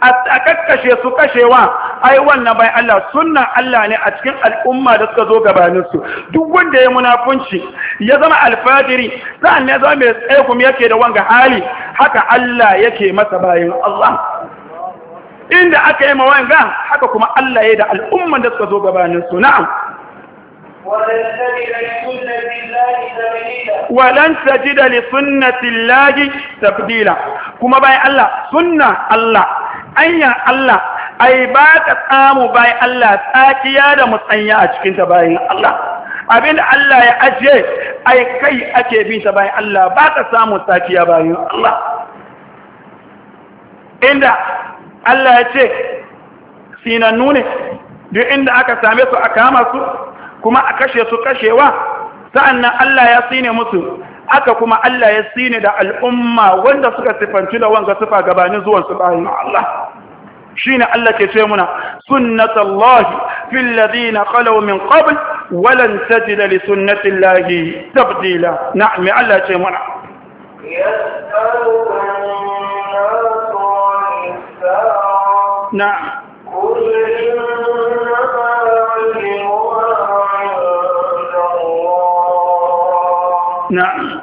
a kakkashe su kashewa ai wannan bai Allah sunnan Allah ne a cikin al'umma da suka zo gabanin su duk wanda ya munafunci ya zama alfajiri sa'an ne zama mai tsaye kuma yake da wanga hali haka Allah yake masa bayan Allah inda aka yi mawayin ga haka kuma Allah ya da al'umman da suka zo gabanin su na'am walan tajida li suna llahi tabdila kuma bai Allah sunna Allah Anyan Allah ai ba ka samu bai Allah tsakiya da musanya a cikin ta bayin Allah abin Allah ya ajiye ai kai ake bin ta bayin Allah ba ka samu tsakiya bayin Allah inda Allah ya ce sinannu ne duk inda aka same su a kama su kuma a kashe su kashewa sa'annan Allah ya sine musu aka kuma Allah ya sine da al'umma wanda suka sifanci da wanga sifa gabanin zuwan su bayan Allah ne Allah ke ce muna sunnatullahi fil ladina khalaw min qabl walan tajida li sunnatillahi tabdila na'am Allah ce muna نعم قل إنما علمها عند الله نعم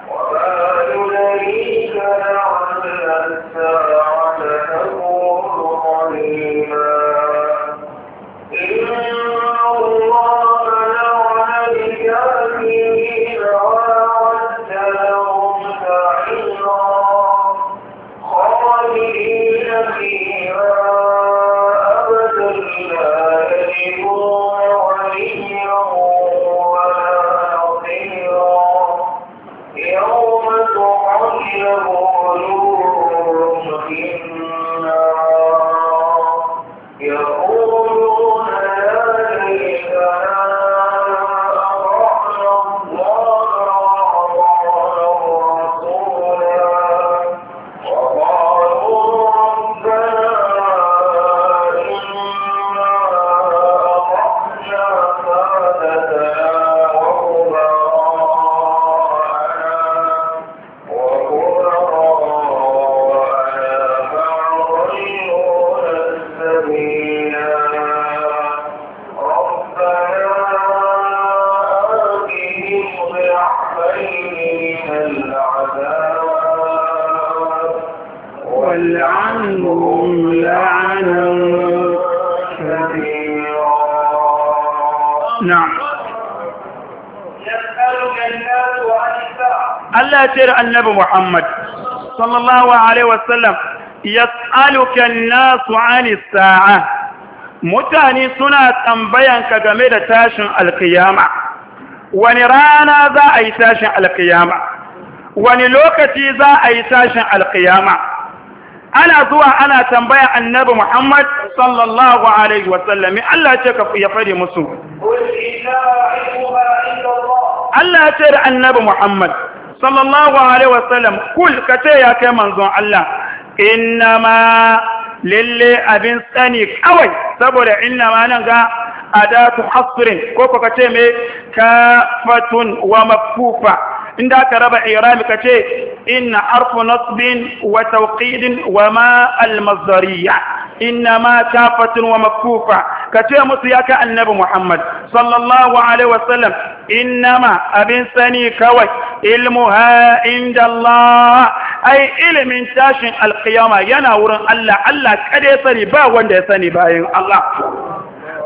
sallallahu alaihi wasallam yas'aluka an-nasu 'ani sa'a mutane suna tambayanka game da tashin alkiyama wani rana za a yi tashin alkiyama wani lokaci za a yi tashin alkiyama ana zuwa ana tambaya annabi Muhammad sallallahu alaihi wasallam Allah ce ka ya fare musu Allah ce da annabi Muhammad sallallahu alaihi wasallam kul ka ce ya kai manzon Allah innama lalle abin tsani kawai saboda innama nan ga adatu hasrin ko ko ka ce me kafatun wa mafufa inda ka raba irami ka ce inna harfu nasbin wa tawqidin wa ma al-mazdariya inna ma kafatun wa makufa ka ce musu ya ka annabi Muhammad sallallahu alaihi wasallam inna ma abin sani kawai ilmuha inda Allah ai ilimin tashin alkiyama yana wurin Allah Allah kada ya sani ba wanda ya sani bayan Allah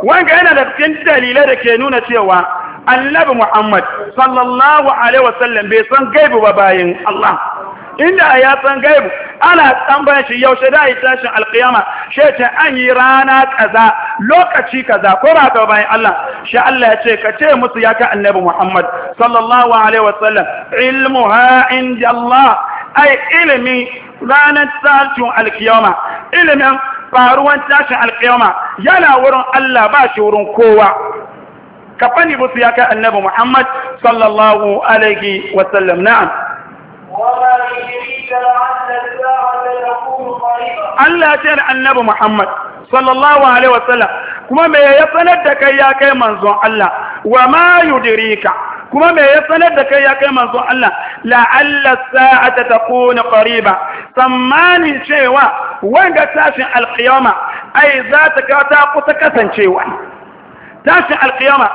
wanga yana da cikin dalilai da ke nuna cewa annabi Muhammad sallallahu alaihi wasallam bai san gaibu ba bayan Allah inda ya san gaibu ana tambayar shi yaushe da yi tashin alkiyama shi ce an yi rana kaza lokaci kaza ko ba ka bayan Allah shi Allah ya ce ka ce musu ya ka annabi Muhammad sallallahu alaihi wa sallam. Ilmu ha inda Allah ai ilimi ranar tashin alkiyama ilimin faruwan tashin alkiyama yana wurin Allah ba shi wurin kowa ka fani musu ya kai annabi Muhammad sallallahu alaihi wa sallam na'am Allah ce da annabi Muhammad sallallahu alaihi wasallam kuma me ya sanar da kai ya kai manzon Allah wa ma yudrika kuma me ya sanar da kai ya kai manzon Allah la'alla sa'ata takuna qariba tsammanin cewa wanda tashin alqiyama ai za ta ta kusa kasancewa tashin alƙiyama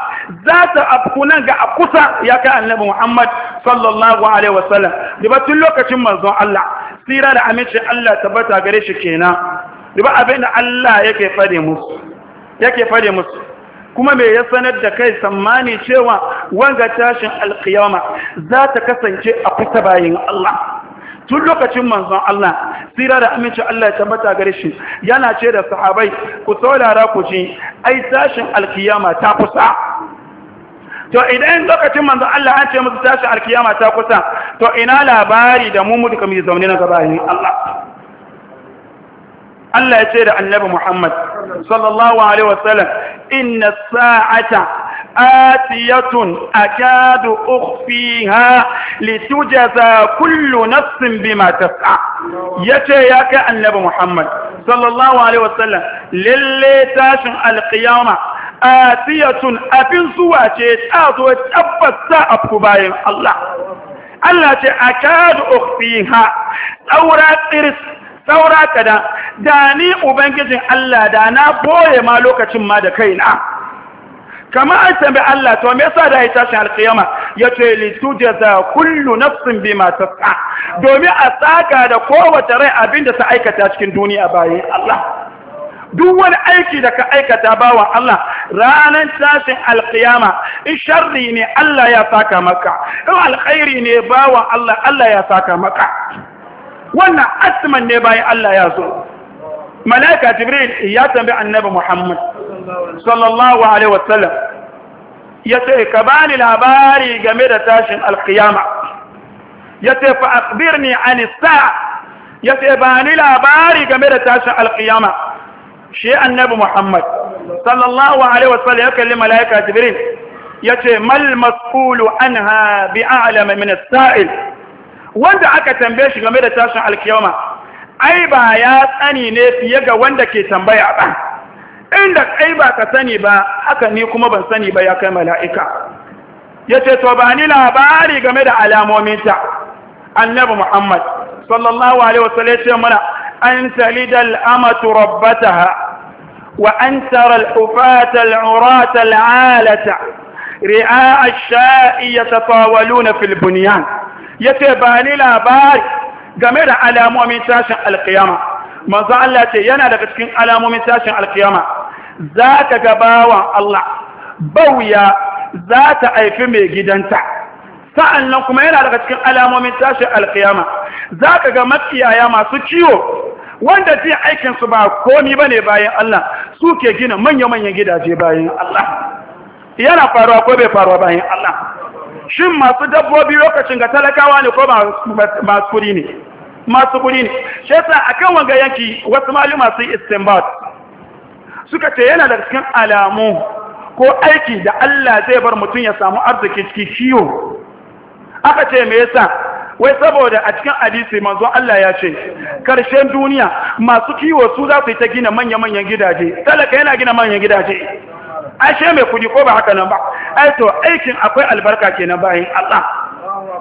za ta nan ga a kusa ya kai annabi Muhammad sallallahu alaihi wasallam da tun lokacin manzon Allah tsira da amince Allah tabbata gare shi kenan da abin da Allah yake fade musu musu kuma me ya sanar da kai tsammani cewa wanga tashin alƙiyama za ta kasance a kusa bayin Allah tun lokacin manzon Allah tsira da aminci Allah ya tabbata gare shi yana ce da sahabai ku saurara ku ji ai tashin alkiyama ta kusa to idan lokacin manzon Allah an ce musu tashin alkiyama ta kusa to ina labari da mu mutuka mai zaune na ni Allah Allah ya ce da annabi Muhammad sallallahu alaihi wasallam inna sa'ata آتية أكاد أخفيها لتجزى كل نفس بما تسعى يتياك النبي محمد صلى الله عليه وسلم للي تاشن القيامة آتية أبن سواتي تازو تبت أبكو باين الله الله أكاد أخفيها أورا ترس saura ka da da ni ubangijin Allah da na boye ma lokacin ma da kaina kama an tambi Allah to me yasa da ya tashi alkiyama ce li za kullu nafsin bima tas'a domin a tsaka da kowace rai abinda ta aikata cikin duniya bayan Allah duk wani aiki da ka aikata bawan Allah ranar tashin alkiyama in sharri ne Allah ya saka maka in alkhairi ne bawan Allah Allah ya saka maka wannan asman ne bayan Allah ya zo malaika jibril ya tambi annabi muhammad صلى الله عليه وسلم يتي كبال الهباري جميل تاشن القيامة يتي فأخبرني عن الساعة يتي باني الهباري جميل تاشن القيامة شيء النبي محمد صلى الله عليه وسلم يكلم ملايكة جبريل يتي ما المسؤول عنها بأعلم من السائل وانت عكا تنبيش جميل تاشن القيامة أي بها يا ثاني وانت كي تنبيع بها inda kai ba ka sani ba haka ni kuma ban sani ba ya kai mala'ika ya ce to ba ni labari game da alamominta annabi muhammad sallallahu alaihi wasallam ya ce mana an salidal amatu rabbataha wa an tara al'ufata al'urata al'alata ri'a ash-sha'i yatatawaluna fil bunyan yace ba ni labari game da alamomin tashin alqiyama manzo Allah ce yana daga cikin alamomin tashin alkiyama za ka ga bawan Allah bauya za ta haifi mai gidanta nan kuma yana daga cikin alamomin tashin alkiyama za ka ga makiyaya masu ciwo wanda ce aikinsu ba komi ba ne bayan Allah su ke gina manya-manyan gidaje bayan Allah yana faruwa ko bai faruwa bayan Allah shin masu dabbobi lokacin ga talakawa ne ko masu kuri ne masu guri ne shi yasa akan wanga yanki wasu maluma sun istinbat suka ce yana da cikin alamu ko aiki da Allah zai bar mutum ya samu arziki ciki shiyo aka ce me yasa wai saboda a cikin hadisi manzo Allah ya ce karshen duniya masu kiwo su za su yi ta gina manya-manyan gidaje talaka yana gina manyan gidaje ashe mai kudi ko ba haka nan ba ai to aikin akwai albarka kenan bayan Allah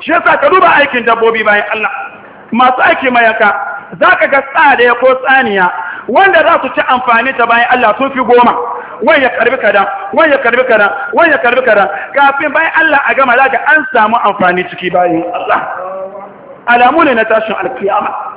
shi yasa ka duba aikin dabbobi bayan Allah masu ake mayaka za ka ga tsada ya ko tsaniya wanda za su ci amfani ta bayan Allah sun fi goma wai ya karbi kadan wai ya karbi kadan wai ya karbi kadan kafin bayan Allah a gama za ka an samu amfani ciki bayan Allah alamu ne na tashin alkiyama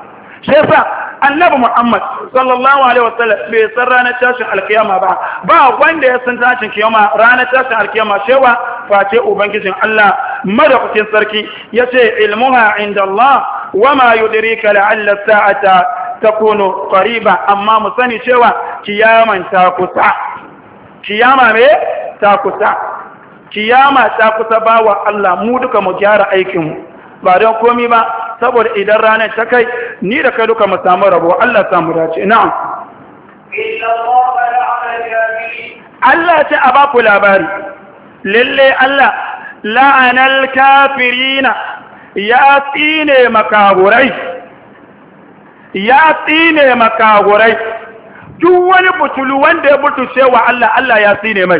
shi yasa annabi Muhammad sallallahu alaihi wasallam bai san ranar tashin alkiyama ba ba wanda ya san tashin kiyama ranar tashin alkiyama shewa face ubangijin Allah madaukakin sarki yace ilmuha inda Allah wama yudrika la'alla sa'ata takunu qariba amma mu sani cewa kiyama ta kusa kiyama me ta kusa kiyama ta kusa bawa Allah mu duka mu gyara aikin mu ba don komi ba saboda idan ranar ta kai ni da kai duka mu samu rabo Allah samu dace na'am Allah ce a ku labari lalle Allah la'anal kafirina ya tsine makaburai ya tsine makaburai duk wani butulu wanda ya butuce wa Allah Allah ya tsine mai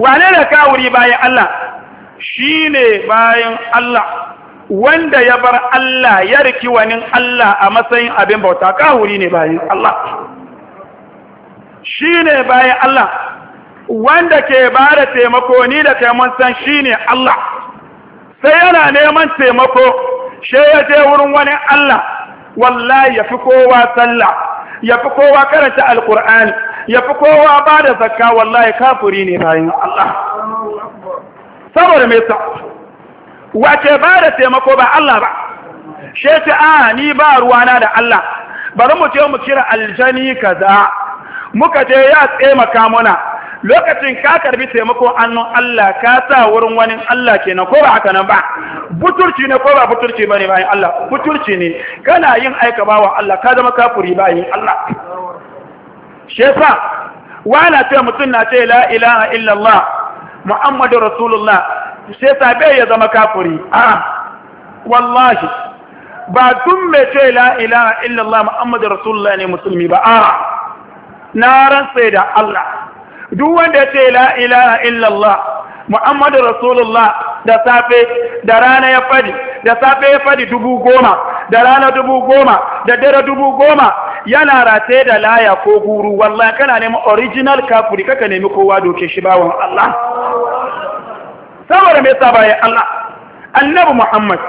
wane da kawuri bayan Allah shine bayan Allah wanda ya bar Allah ya riki wani Allah a matsayin abin bauta kahuri ne bayan Allah shi ne bayan Allah wanda ke ba da taimako ni da taimakon san shi ne Allah sai yana neman taimako shi ya je wurin wani Allah wallahi ya fi kowa sallah ya fi kowa karanta alkur'ani ya fi kowa ba da zakka wallahi kafuri ne bayan Allah saboda mai sa wace ba da taimako ba Allah ba she ta a ni ba ruwana da Allah bari mu ce mu kira aljani kaza muka je ya taimaka mana lokacin ka karbi taimako annon Allah ka sa wurin wani Allah kenan ko ba haka nan ba buturci ne ko ba buturci bane bayan Allah buturci ne kana yin aika bawa Allah ka zama kafiri bayan Allah shefa wala ce mutum na ce la ilaha illallah muhammadu rasulullah sai sabe ya zama kafuri a wallahi ba tun mai ce la ilaha illallah muhammadu rasulullah ne musulmi ba a na rantsa da Allah duk wanda ya ce la ilaha illallah muhammadu rasulullah da safe da rana ya fadi da safe ya fadi dubu goma da rana dubu goma da dare dubu goma yana rataye da laya ko guru wallahi kana neman original kafuri kaka nemi kowa doke shi bawon Allah saboda me yasa bayan Allah annabi Muhammad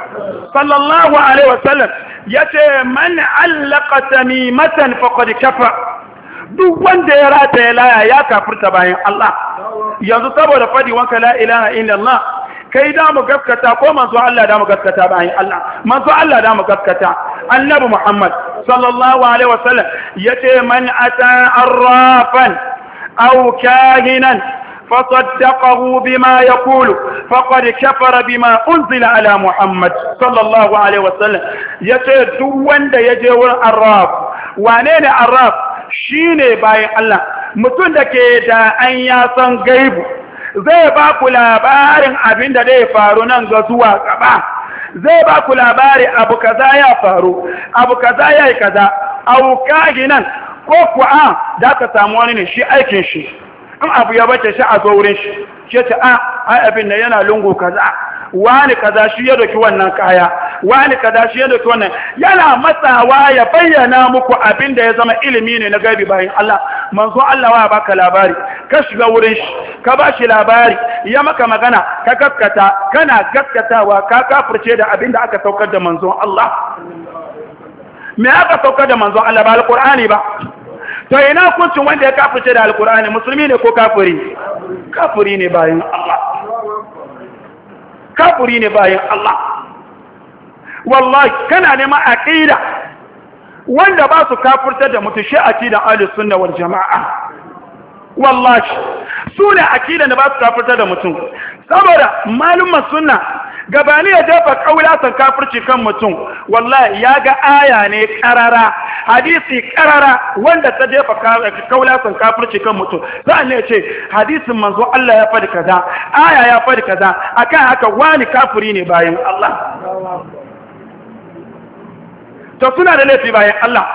sallallahu alaihi wasallam yace man allaka tamimatan faqad kafa duk wanda ya rata ya laya ya kafirta bayan Allah yanzu saboda fadi wanka la ilaha illallah kai da mu gaskata ko manzo Allah da mu gaskata bayan Allah manzo Allah da mu gaskata annabi Muhammad sallallahu alaihi wasallam yace man ata arrafan aw kahinan فصدقه بما يقول فقد كفر بما أنزل على محمد صلى الله عليه وسلم يتي دوان ne يجيور الراب وانين الراب شيني باين الله ke da an ya san gaibu. zai ba ku labarin abin da zai faru nan ga zuwa gaba zai ba ku labari abu kaza ya faru abu kaza ya yi kaza abu nan ko ku'a da ka samu wani ne shi aikin shi in abu ya bace shi a zo wurin shi shi ce a ah, abin da yana lungu kaza wani kaza shi ya doki wannan kaya wani kaza shi ya doki wannan yana matsawa ya bayyana muku abin da ya zama ilimi ne na gaibi bayan Allah manzo Allah wa baka labari ka shiga wurin shi ka ba shi labari ya maka magana ka gaskata kana gaskatawa ka kafirce da abin da aka saukar da manzon Allah me aka saukar da manzon Allah ba alqur'ani ba to ina hukuncin wanda ya kafirce da alkur'ani musulmi ne ko kafiri kafiri ne bayan Allah kafiri ne bayan Allah wallahi kana neman aqida wanda ba su kafirtar da mutu shi aqidan ahlus sunna wal jamaa wallahi su ne aqidan da ba su kafirtar da mutum saboda malumma sunna gabani ya jefa kaula san kafirci kan mutum wallahi ya ga aya ne karara hadisi karara wanda ta jefa kaula san kafirci kan mutum za ne ce hadisin manzo Allah ya faɗi kaza aya ya faɗi kaza akan haka wani kafiri ne bayan Allah to suna da laifi bayan Allah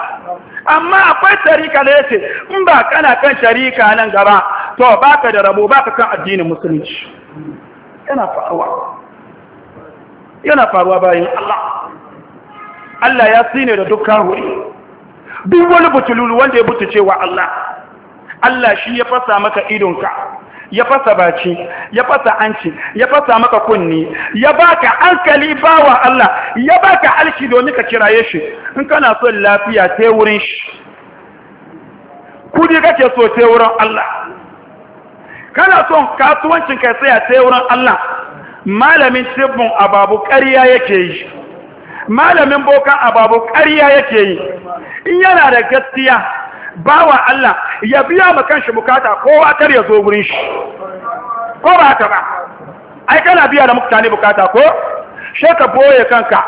amma akwai sharika da yace in ba kana kan sharika nan gaba to baka da rabo baka kan addinin musulunci yana fa'awa. yana faruwa bayan Allah Allah ya tsine da duk kahuri duk wani butululu wanda ya butu cewa Allah Allah shi ya fasa maka idonka ya fasa baci ya fasa anci ya fasa maka kunni ya baka hankali bawa Allah ya baka alki domin ka kiraye shi in kana son lafiya te wurin shi kudi kake so te wurin Allah kana son kasuwancin ka tsaya ta wurin Allah malamin tsibbin ababu ƙarya yake yi malamin bokan ababu ƙarya yake yi in yana da gaskiya bawa Allah ya biya ma kanshi bukata kowa kar ya zo wurin shi ko ba ta ba ai kana biya da mutane bukata ko Sheka ka boye kanka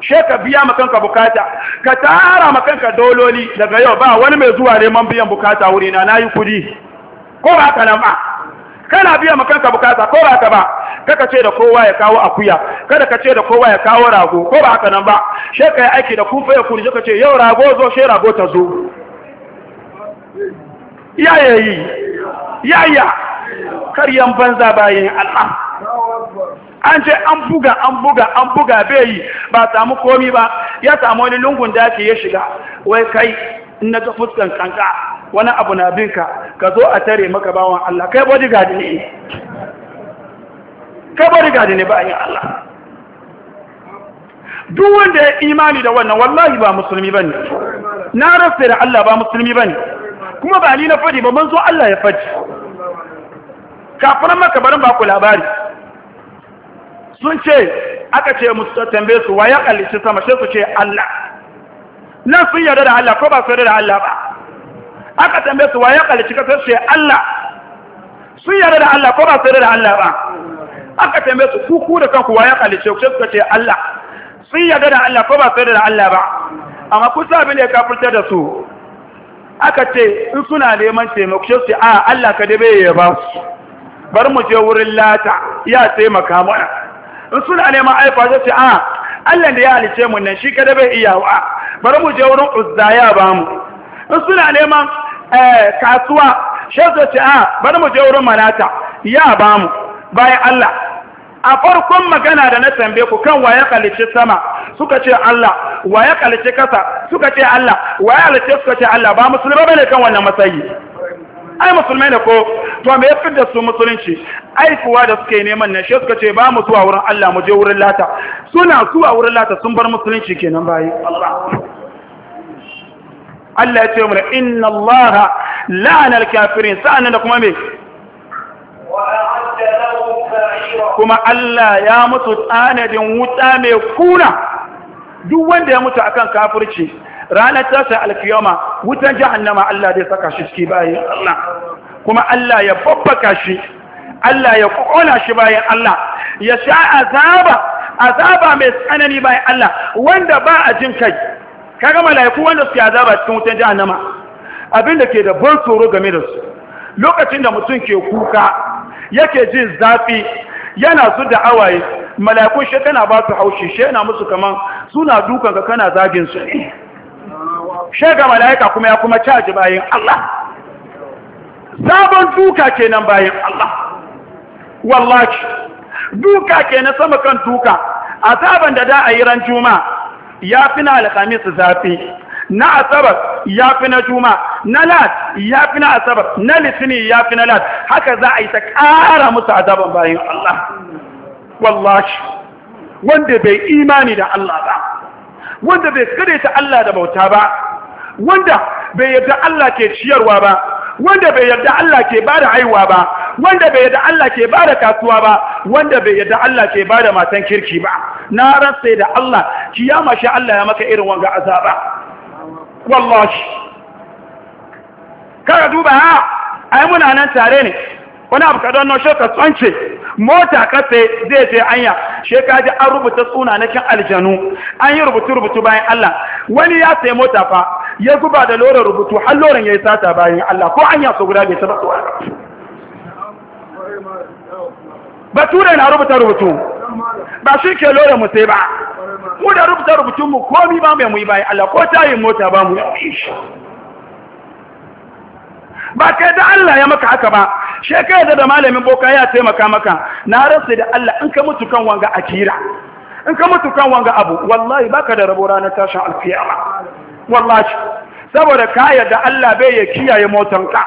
sheka ka biya ma kanka bukata ka tara ma kanka dololi daga yau ba wani mai zuwa neman biyan bukata wuri na nayi kudi ko ba ka nan ba kana biya ma kanka bukata ko ba ta ba kaka ce da kowa ya kawo akuya kada ka ce da kowa ya kawo rago ko ba haka nan ba she kai aiki da kufa ya kuri ka ce yau rago zo she rago ta zo yaya yi yaya karyan banza bayin al'am an ce an buga an buga an buga bai yi ba samu komi ba ya samu wani lungun daki ya shiga wai kai na ga fuskan kanka wani abu na binka ka zo a tare maka bawan Allah kai bodyguard ne kai ba ne ba yin Allah duk wanda ya imani da wannan wallahi ba musulmi ne na rasa da Allah ba musulmi ne kuma ba ni na fadi ba manzo Allah ya fadi kafin makabarin barin ba ku labari sun ce aka ce musu tambaye su wa ya kallici sama sai su ce Allah nan sun yarda da Allah ko ba su yarda da Allah ba aka tambaye su wa ya kallici kasa sai Allah sun yarda da Allah ko ba su yarda da Allah ba aka tambaye su ku da kanku wa ya halice ku suka ce Allah sun yarda da Allah ko ba su yarda da Allah ba amma ku sa abin da ya kafirta da su aka ce in suna neman taimako shi su a Allah ka dabe ya ba su bar mu je wurin lata ya taimaka mana in suna neman aifa shi su a Allah da ya halice mu nan shi ka dabe iyawa bar mu je wurin uzza ya ba mu in suna neman eh, kasuwa shi su a bar mu je wurin manata ya ba mu bayan Allah a farkon magana da na tambaye ku kan waye kalice sama suka ce Allah waye kalice kasa suka ce Allah waye halice suka ce Allah ba musulmai bane kan wannan matsayi ai musulmai ne ko to me yafi da su musulunci ai kuwa da suke neman nan shi suka ce ba mu zuwa wurin Allah mu je wurin lata suna zuwa wurin lata sun bar musulunci kenan bayi Allah ya ce mu inna Allah la'ana al-kafirin sa'annan da kuma me kuma Allah ya mutu tsanadin wuta mai kuna duk wanda ya mutu akan kafirci ranar tasa alkiyama wutan jahannama Allah zai saka shi ciki bayan Allah kuma Allah ya babbaka shi Allah ya kona shi bayan Allah ya sha azaba azaba mai tsanani bayan Allah wanda ba a jin kai kaga malaiku wanda suke azaba cikin wutan jahannama abinda ke da ban tsoro game da su lokacin da mutum ke kuka yake jin zafi yana su da awaye malakun shi kana ba su haushi shi yana musu kaman suna dukan ka kana zagin su ne shi ga malaika kuma ya kuma caji bayan Allah sabon duka kenan bayan Allah wallahi duka na sama kan duka A sabon da da ayi ran juma'a ya fi na alhamis zafi na asabar ya fi na juma na lat ya fi na asabar na litini ya fi na lat haka za a yi ta ƙara musu azaban bayan Allah wallahi wanda bai imani da Allah ba wanda bai ta Allah da bauta ba wanda bai yarda Allah ke ciyarwa ba wanda bai yarda Allah ke bada haihuwa ba wanda bai yarda Allah ke bada kasuwa ba wanda bai yarda Allah ke bada matan kirki ba na rantsa da Allah kiyama shi Allah ya maka irin wanga azaba wallahi kara duba ha ai muna nan tare ne wani abu kadon nan shoka tsance mota kafe zai je anya ji an rubuta tsuna na kin aljanu an yi rubutu rubutu bayan Allah wani ya sai mota fa ya zuba da loran rubutu har loran yayi sata bayan Allah ko anya so guda bai taba so bature na rubuta rubutu ba shi ke lura mu sai ba mu da rubuta rubutun mu komi ba mai muyi bayan Allah ko tayin mota ba mu yi ba kai da Allah ya maka haka ba she da da malamin boka ya taimaka maka na rasa da Allah in ka mutu kan wanga akira in ka mutu kan wanga abu wallahi baka da rabo ranar tashin alkiyama wallahi saboda ka yadda Allah bai ya kiyaye motanka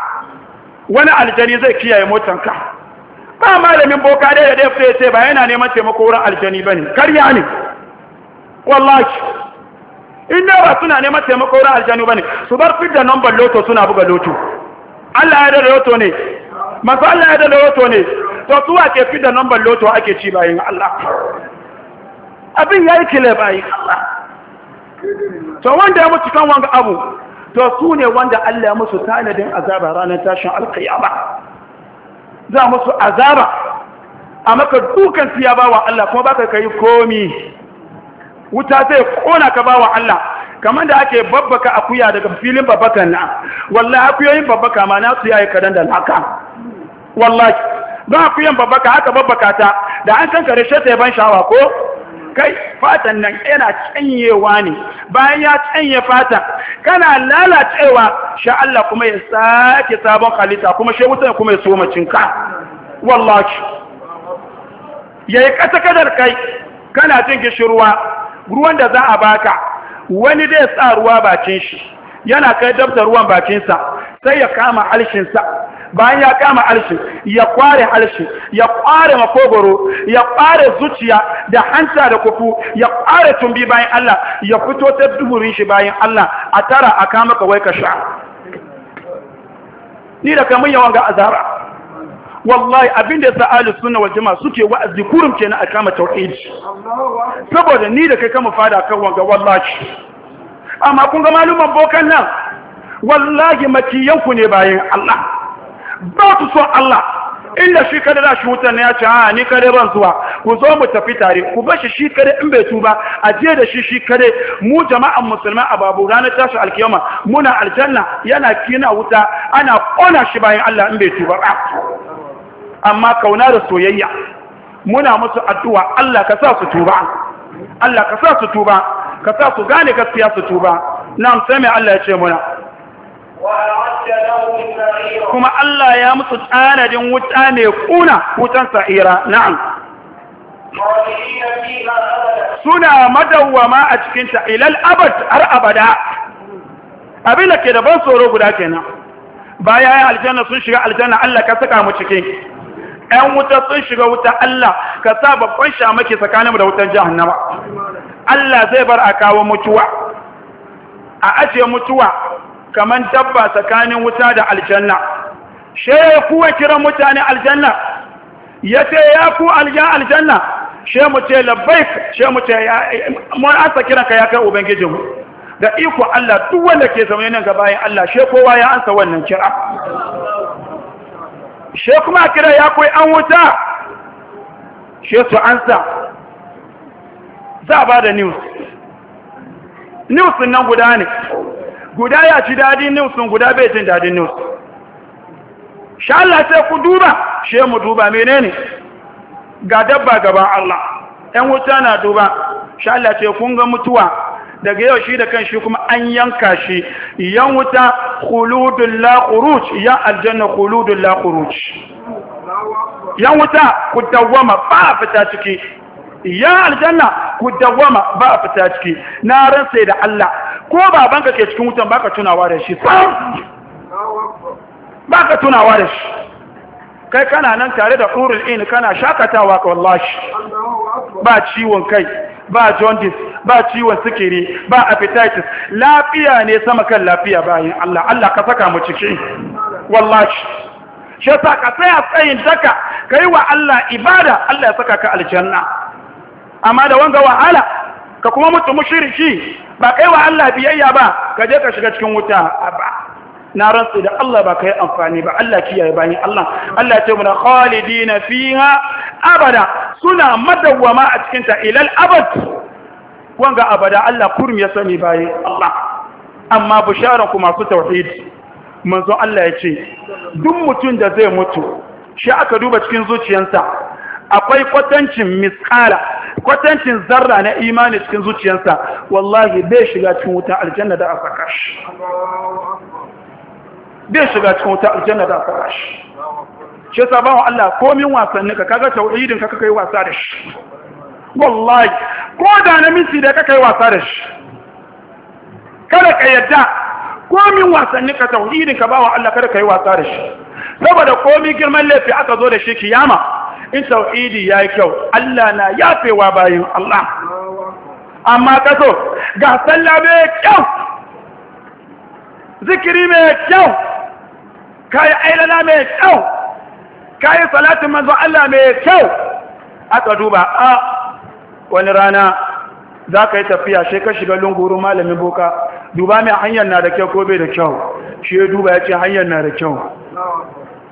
wani aljani zai kiyaye motanka ba malamin boka dai da dai fure sai ba yana neman taimako wurin aljani bane karya ne wallahi in da ba suna neman taimako wurin aljani bane su bar fidda number loto suna buga loto Allah ya da loto ne masu Allah ya da loto ne to su ake fidda number loto ake ci bayin Allah abin yayi kile bayin Allah to wanda ya mutu kan wanga abu to su ne wanda Allah ya musu tanadin azaba ranar tashin alqiyama za musu azaba a maka dukan siya ba wa Allah kuma ka kai komi wuta zai kona ka ba wa Allah kamar da ake babbaka akuya daga filin babbakan na wallahi akuyoyin babbaka ma na su yayi kadan da haka wallahi ba akuyan babbaka haka babbaka ta da an kankare shata ban shawa ko kai fatan nan yana canyewa ne bayan ya canye fata. kana lalacewa sha Allah kuma ya sake sabon halitta kuma shi wutan kuma ya so soma cinka wallahi yayi kata kadar kai kana jin gishiruwa ruwan da za a baka wani dai sa ruwa bakin shi yana kai dabtar ruwan bakin sa, sai ya kama sa bayan ya kama arshi ya kware arshi ya kware makogoro ya kware zuciya da hanta da kufu ya kware tumbi bayan Allah ya fito ta duhurin shi bayan Allah a tara a kama ka wai ka sha ni da kamun yawan ga azara wallahi abin da sa ahli sunna wal jamaa suke wa'azi kurum kenan a kama tauhid saboda ni da kai kama fada kan wanga wallahi amma kun ga maluman bokan nan wallahi makiyanku ne bayan Allah ba su so Allah inda shi kada za shi wutar ya ce ah, ni kada ban zuwa ku zo mu tafi tare ku ba shi shi kada in bai tuba a je da shi shi kada mu jama'an musulma, a babu ranar tashi alkiyama muna aljanna yana kina wuta ana kona shi bayan Allah in bai tuba ba ah. amma kauna da soyayya muna musu addu'a Allah ka sa su tuba Allah ka sa su tuba ka sa su gane gaskiya su tuba na'am sai mai Allah ya ce muna kuma Allah ya musu tsanadin wuta ne kuna wutan sa'ira na'am suna madawwama a cikin ta ilal abad har abada abin da ke da ban tsoro guda kenan baya ya aljanna sun shiga aljanna Allah ka saka mu cikin Yan wuta sun shiga wuta Allah ka sa babban shamaki tsakaninmu da wutan jahannama Allah zai bar a kawo mutuwa a ajiye mutuwa kaman dabba tsakanin wuta da aljanna she kuwa kiran mutane aljanna yace ya ku alja aljanna Shey mu ce labbaik she mu ce mun ansa ka ya kai mu. da iko Allah duk wanda ke zaune nan gaba yin Allah she kowa ya ansa wannan kira she kuma kira ya koyi an wuta she su ansa za ba da news news nan guda ne guda ya ci dadin news sun guda bai cin dadin news sha Allah sai ku duba she mu duba menene ga dabba gaban Allah ɗan wuta na duba sha Allah sai kun ga mutuwa daga yau shi da kan shi kuma an yanka shi yan wuta khuludul la khuruj ya aljanna khuludul la khuruj yan wuta ku dawwama ba fita ciki ya aljanna ku dawwama ba fita ciki na ran sai da Allah ko babanka ke cikin wutan baka tunawa da shi baka tunawa da shi kai kana nan tare da ƙurin in kana shakatawa ka wallashi ba ciwon kai ba jaundice ba ciwon sikiri ba appetitis lafiya ne sama kan lafiya bayan Allah Allah ka saka mu ciki wallashi shi yasa ka tsaya tsayin daka kai wa Allah ibada Allah ya saka ka aljanna amma da wanga wahala ka kuma mutu mushriki ba kai wa Allah biyayya ba ka je ka shiga cikin wuta ba. na rantsu da Allah ba kai amfani ba Allah kiyaye bani Allah Allah ce muna khalidina fiha abada suna madawama a cikin ta ilal abad wanga abada Allah kurmi ya sani bayi Allah amma bisharan ku masu tauhid manzo Allah ya ce duk mutum da zai mutu shi aka duba cikin zuciyarsa akwai kwatancin miskala kwatancin zarra na imani cikin zuciyarsa wallahi bai shiga cikin wuta aljanna da aka kashi bai shiga cikin wuta aljanna da aka kashi shi sabon Allah komin wasanni ka kaga tauhidin ka kai wasa da shi wallahi ko da namiji da ka kai wasa da shi kada ka yadda komin wasanni ka tauhidin ka bawa Allah kada ka yi wasa da shi saboda komin girman laifi aka zo da shi kiyama in tauhidi ya yi kyau Allah na yafewa bayan Allah amma kaso ga sallah mai kyau zikiri mai kyau kayi ailana mai kyau kayi salatin manzo Allah mai kyau aka duba a wani rana za ka yi tafiya shi ka shiga lungurin malamin boka duba mai hanyar na da kyau ko bai da kyau shi ya duba ya ce hanyar na da kyau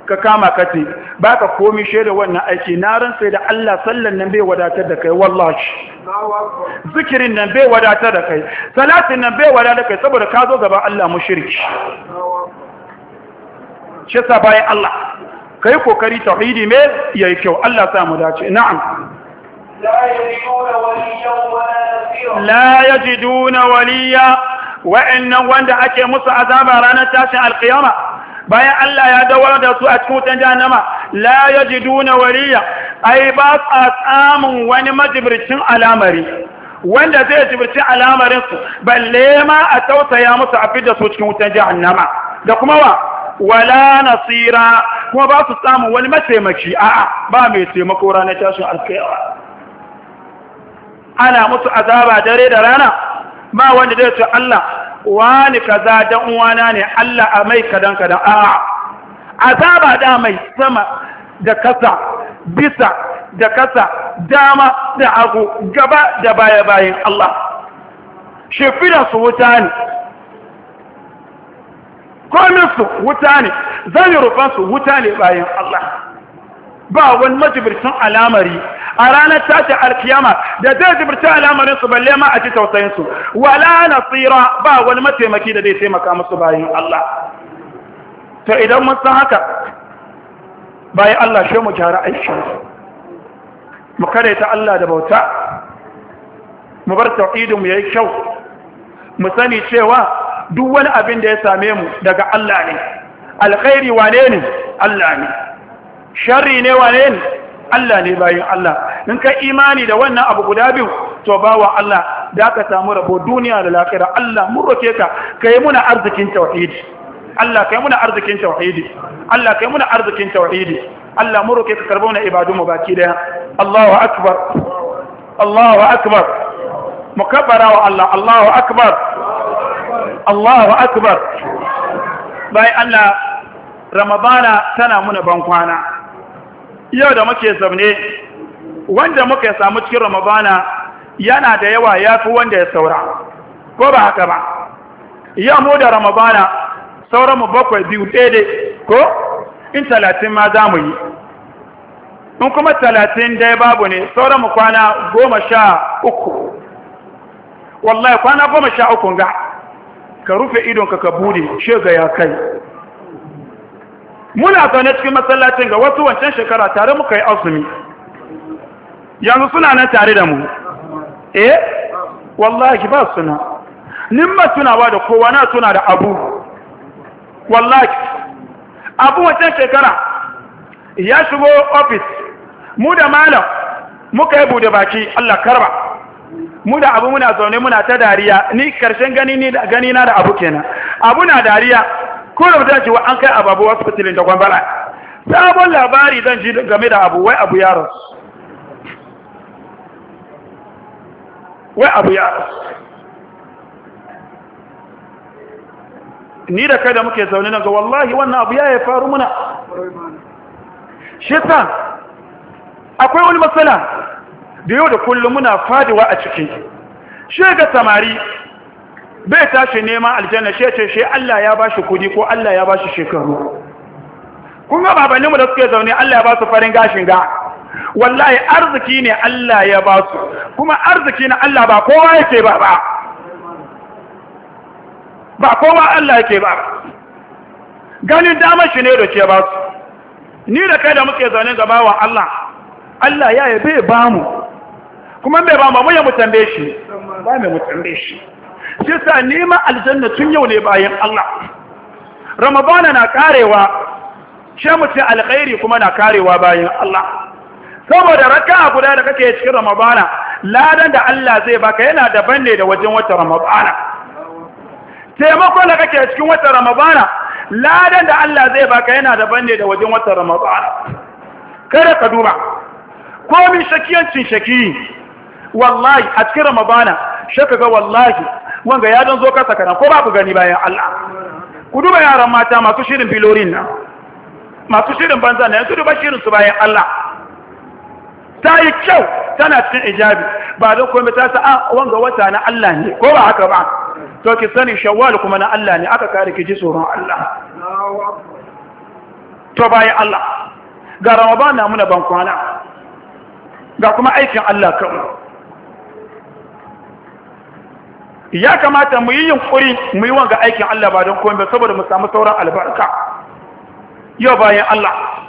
ka kama ka ce ba ka komi shaida wannan aiki na ran sai da Allah sallan nan bai wadatar da kai wallahi zikirin nan bai wadatar da kai salatin nan bai wadatar da kai saboda ka zo gaban Allah mushriki shi sa bayan Allah kai kokari tauhidi me yayi kyau Allah sa mu dace na'am la yajiduna waliya wa'annan wanda ake musu azaba ranar tashin alqiyama bayan Allah ya dawar da su a cikin wutan jahannama la yajiduna waliya ai ba sa samun wani majibircin alamari wanda zai jibirci alamarin su balle ma a tausaya musu a fidda su cikin wutan jahannama da kuma wa wala nasira kuma ba su samun wani mataimaki a'a ba mai taimako ranar tashin alkaiwa ana musu azaba dare da rana ba wanda zai ce Allah wani kaza dan uwana ne Allah a mai kadan kadan a azaba da mai sama da kasa bisa da kasa dama da agu gaba da baya bayan Allah shefina su wuta ne komin wuta ne zan rufan su wuta ne bayan Allah ba wani majibircin alamari a ranar tashin alkiyama da zai jibirci alamarin su balle ma a ci tausayin su wala nasira ba wani mataimaki da zai taimaka musu bayan Allah to idan mun san haka bayan Allah shi mu gyara aikin mu ta Allah da bauta mu bar tauhidin mu yayi kyau mu sani cewa duk wani abin da ya same mu daga Allah ne alkhairi wane ne Allah ne sharri ne wane ne Allah ne bayan Allah in ka imani da wannan abu guda biyu to ba wa Allah da ka samu rabo duniya da lafiya Allah mun roke ka kai muna arzikin tauhidi Allah kai muna arzikin tauhidi Allah kai muna arzikin tauhidi Allah mun roke ka karbo na ibadun mu baki daya Allahu akbar Allahu akbar mukabbara wa Allah Allahu akbar Allahu akbar bai Allah Ramadana tana muna bankwana yau da muke zaune wanda muka samu cikin ramabana yana da yawa ya fi wanda ya saura ko ba haka ba yau mu da ramabana sauran mu bakwai biyu daidai ko in talatin ma za mu yi in kuma talatin dai babu ne sauran mu kwana goma sha uku wallahi kwana goma sha uku ga ka rufe idonka ka bude shiga ya kai muna zaune cikin masallacin ga wasu wancan shekara tare muka yi azumi yanzu suna nan tare da mu eh wallahi ba suna nimma tunawa da kowa na tuna da abu wallahi abu wancan shekara ya shigo ofis mu da malam muka yi bude baki Allah karba mu da abu muna zaune muna ta dariya ni karshen gani ni gani na da abu kenan abu na dariya ko da mutum wa an kai ababu wasu fitilin da gwambara sabon labari zan ji game da abu wai abu yaron wai abu yaron ni da kai da muke zaune na ga wallahi wannan abu ya faru muna shetan akwai wani matsala da yau da kullum muna fadiwa a ciki shi ga samari bai tashi neman aljanna shi ce shi Allah ya bashi kudi ko Allah ya bashi shekaru Kuma babanni mu da suke zaune Allah ya ba su farin gashin ga wallahi arziki ne Allah ya ba su kuma arziki ne Allah ba kowa yake ba ba ba kowa Allah yake ba ganin damar shi ne da ke ba su ni da kai da muke zaune gaba wa Allah Allah ya yabe ba mu kuma bai ba mu ya mu tambaye shi ba mu tambaye shi shi sa neman aljanna tun yau ne bayan Allah ramadana na karewa shi mutum alkhairi kuma na karewa bayan Allah saboda raka guda da kake cikin ramadana ladan da Allah zai baka yana daban ne da wajen wata ramadana taimakon da kake cikin wata ramadana ladan da Allah zai baka yana daban ne da wajen wata ramadana kada ka duba komin shakiyancin shaki wallahi a cikin ramadana shaka ga wallahi wanga ya don zo kasa kana ko ba ku gani bayan Allah ku duba yaran mata masu shirin filorin nan masu shirin banza na su duba shirin su bayan Allah ta yi kyau tana cikin ijabi ba don komai ta sa a ah, wanga wata na Allah ne ko ba haka ba to ki sani shawwal kuma na Allah ne aka kare ki ji tsoron Allah to bayan Allah ga ramadan na muna kwana, ga kuma aikin Allah kawai ya kamata mu yi yunkuri mu yi wanga aikin Allah ba don komai saboda mu samu sauran albarka yau bayan Allah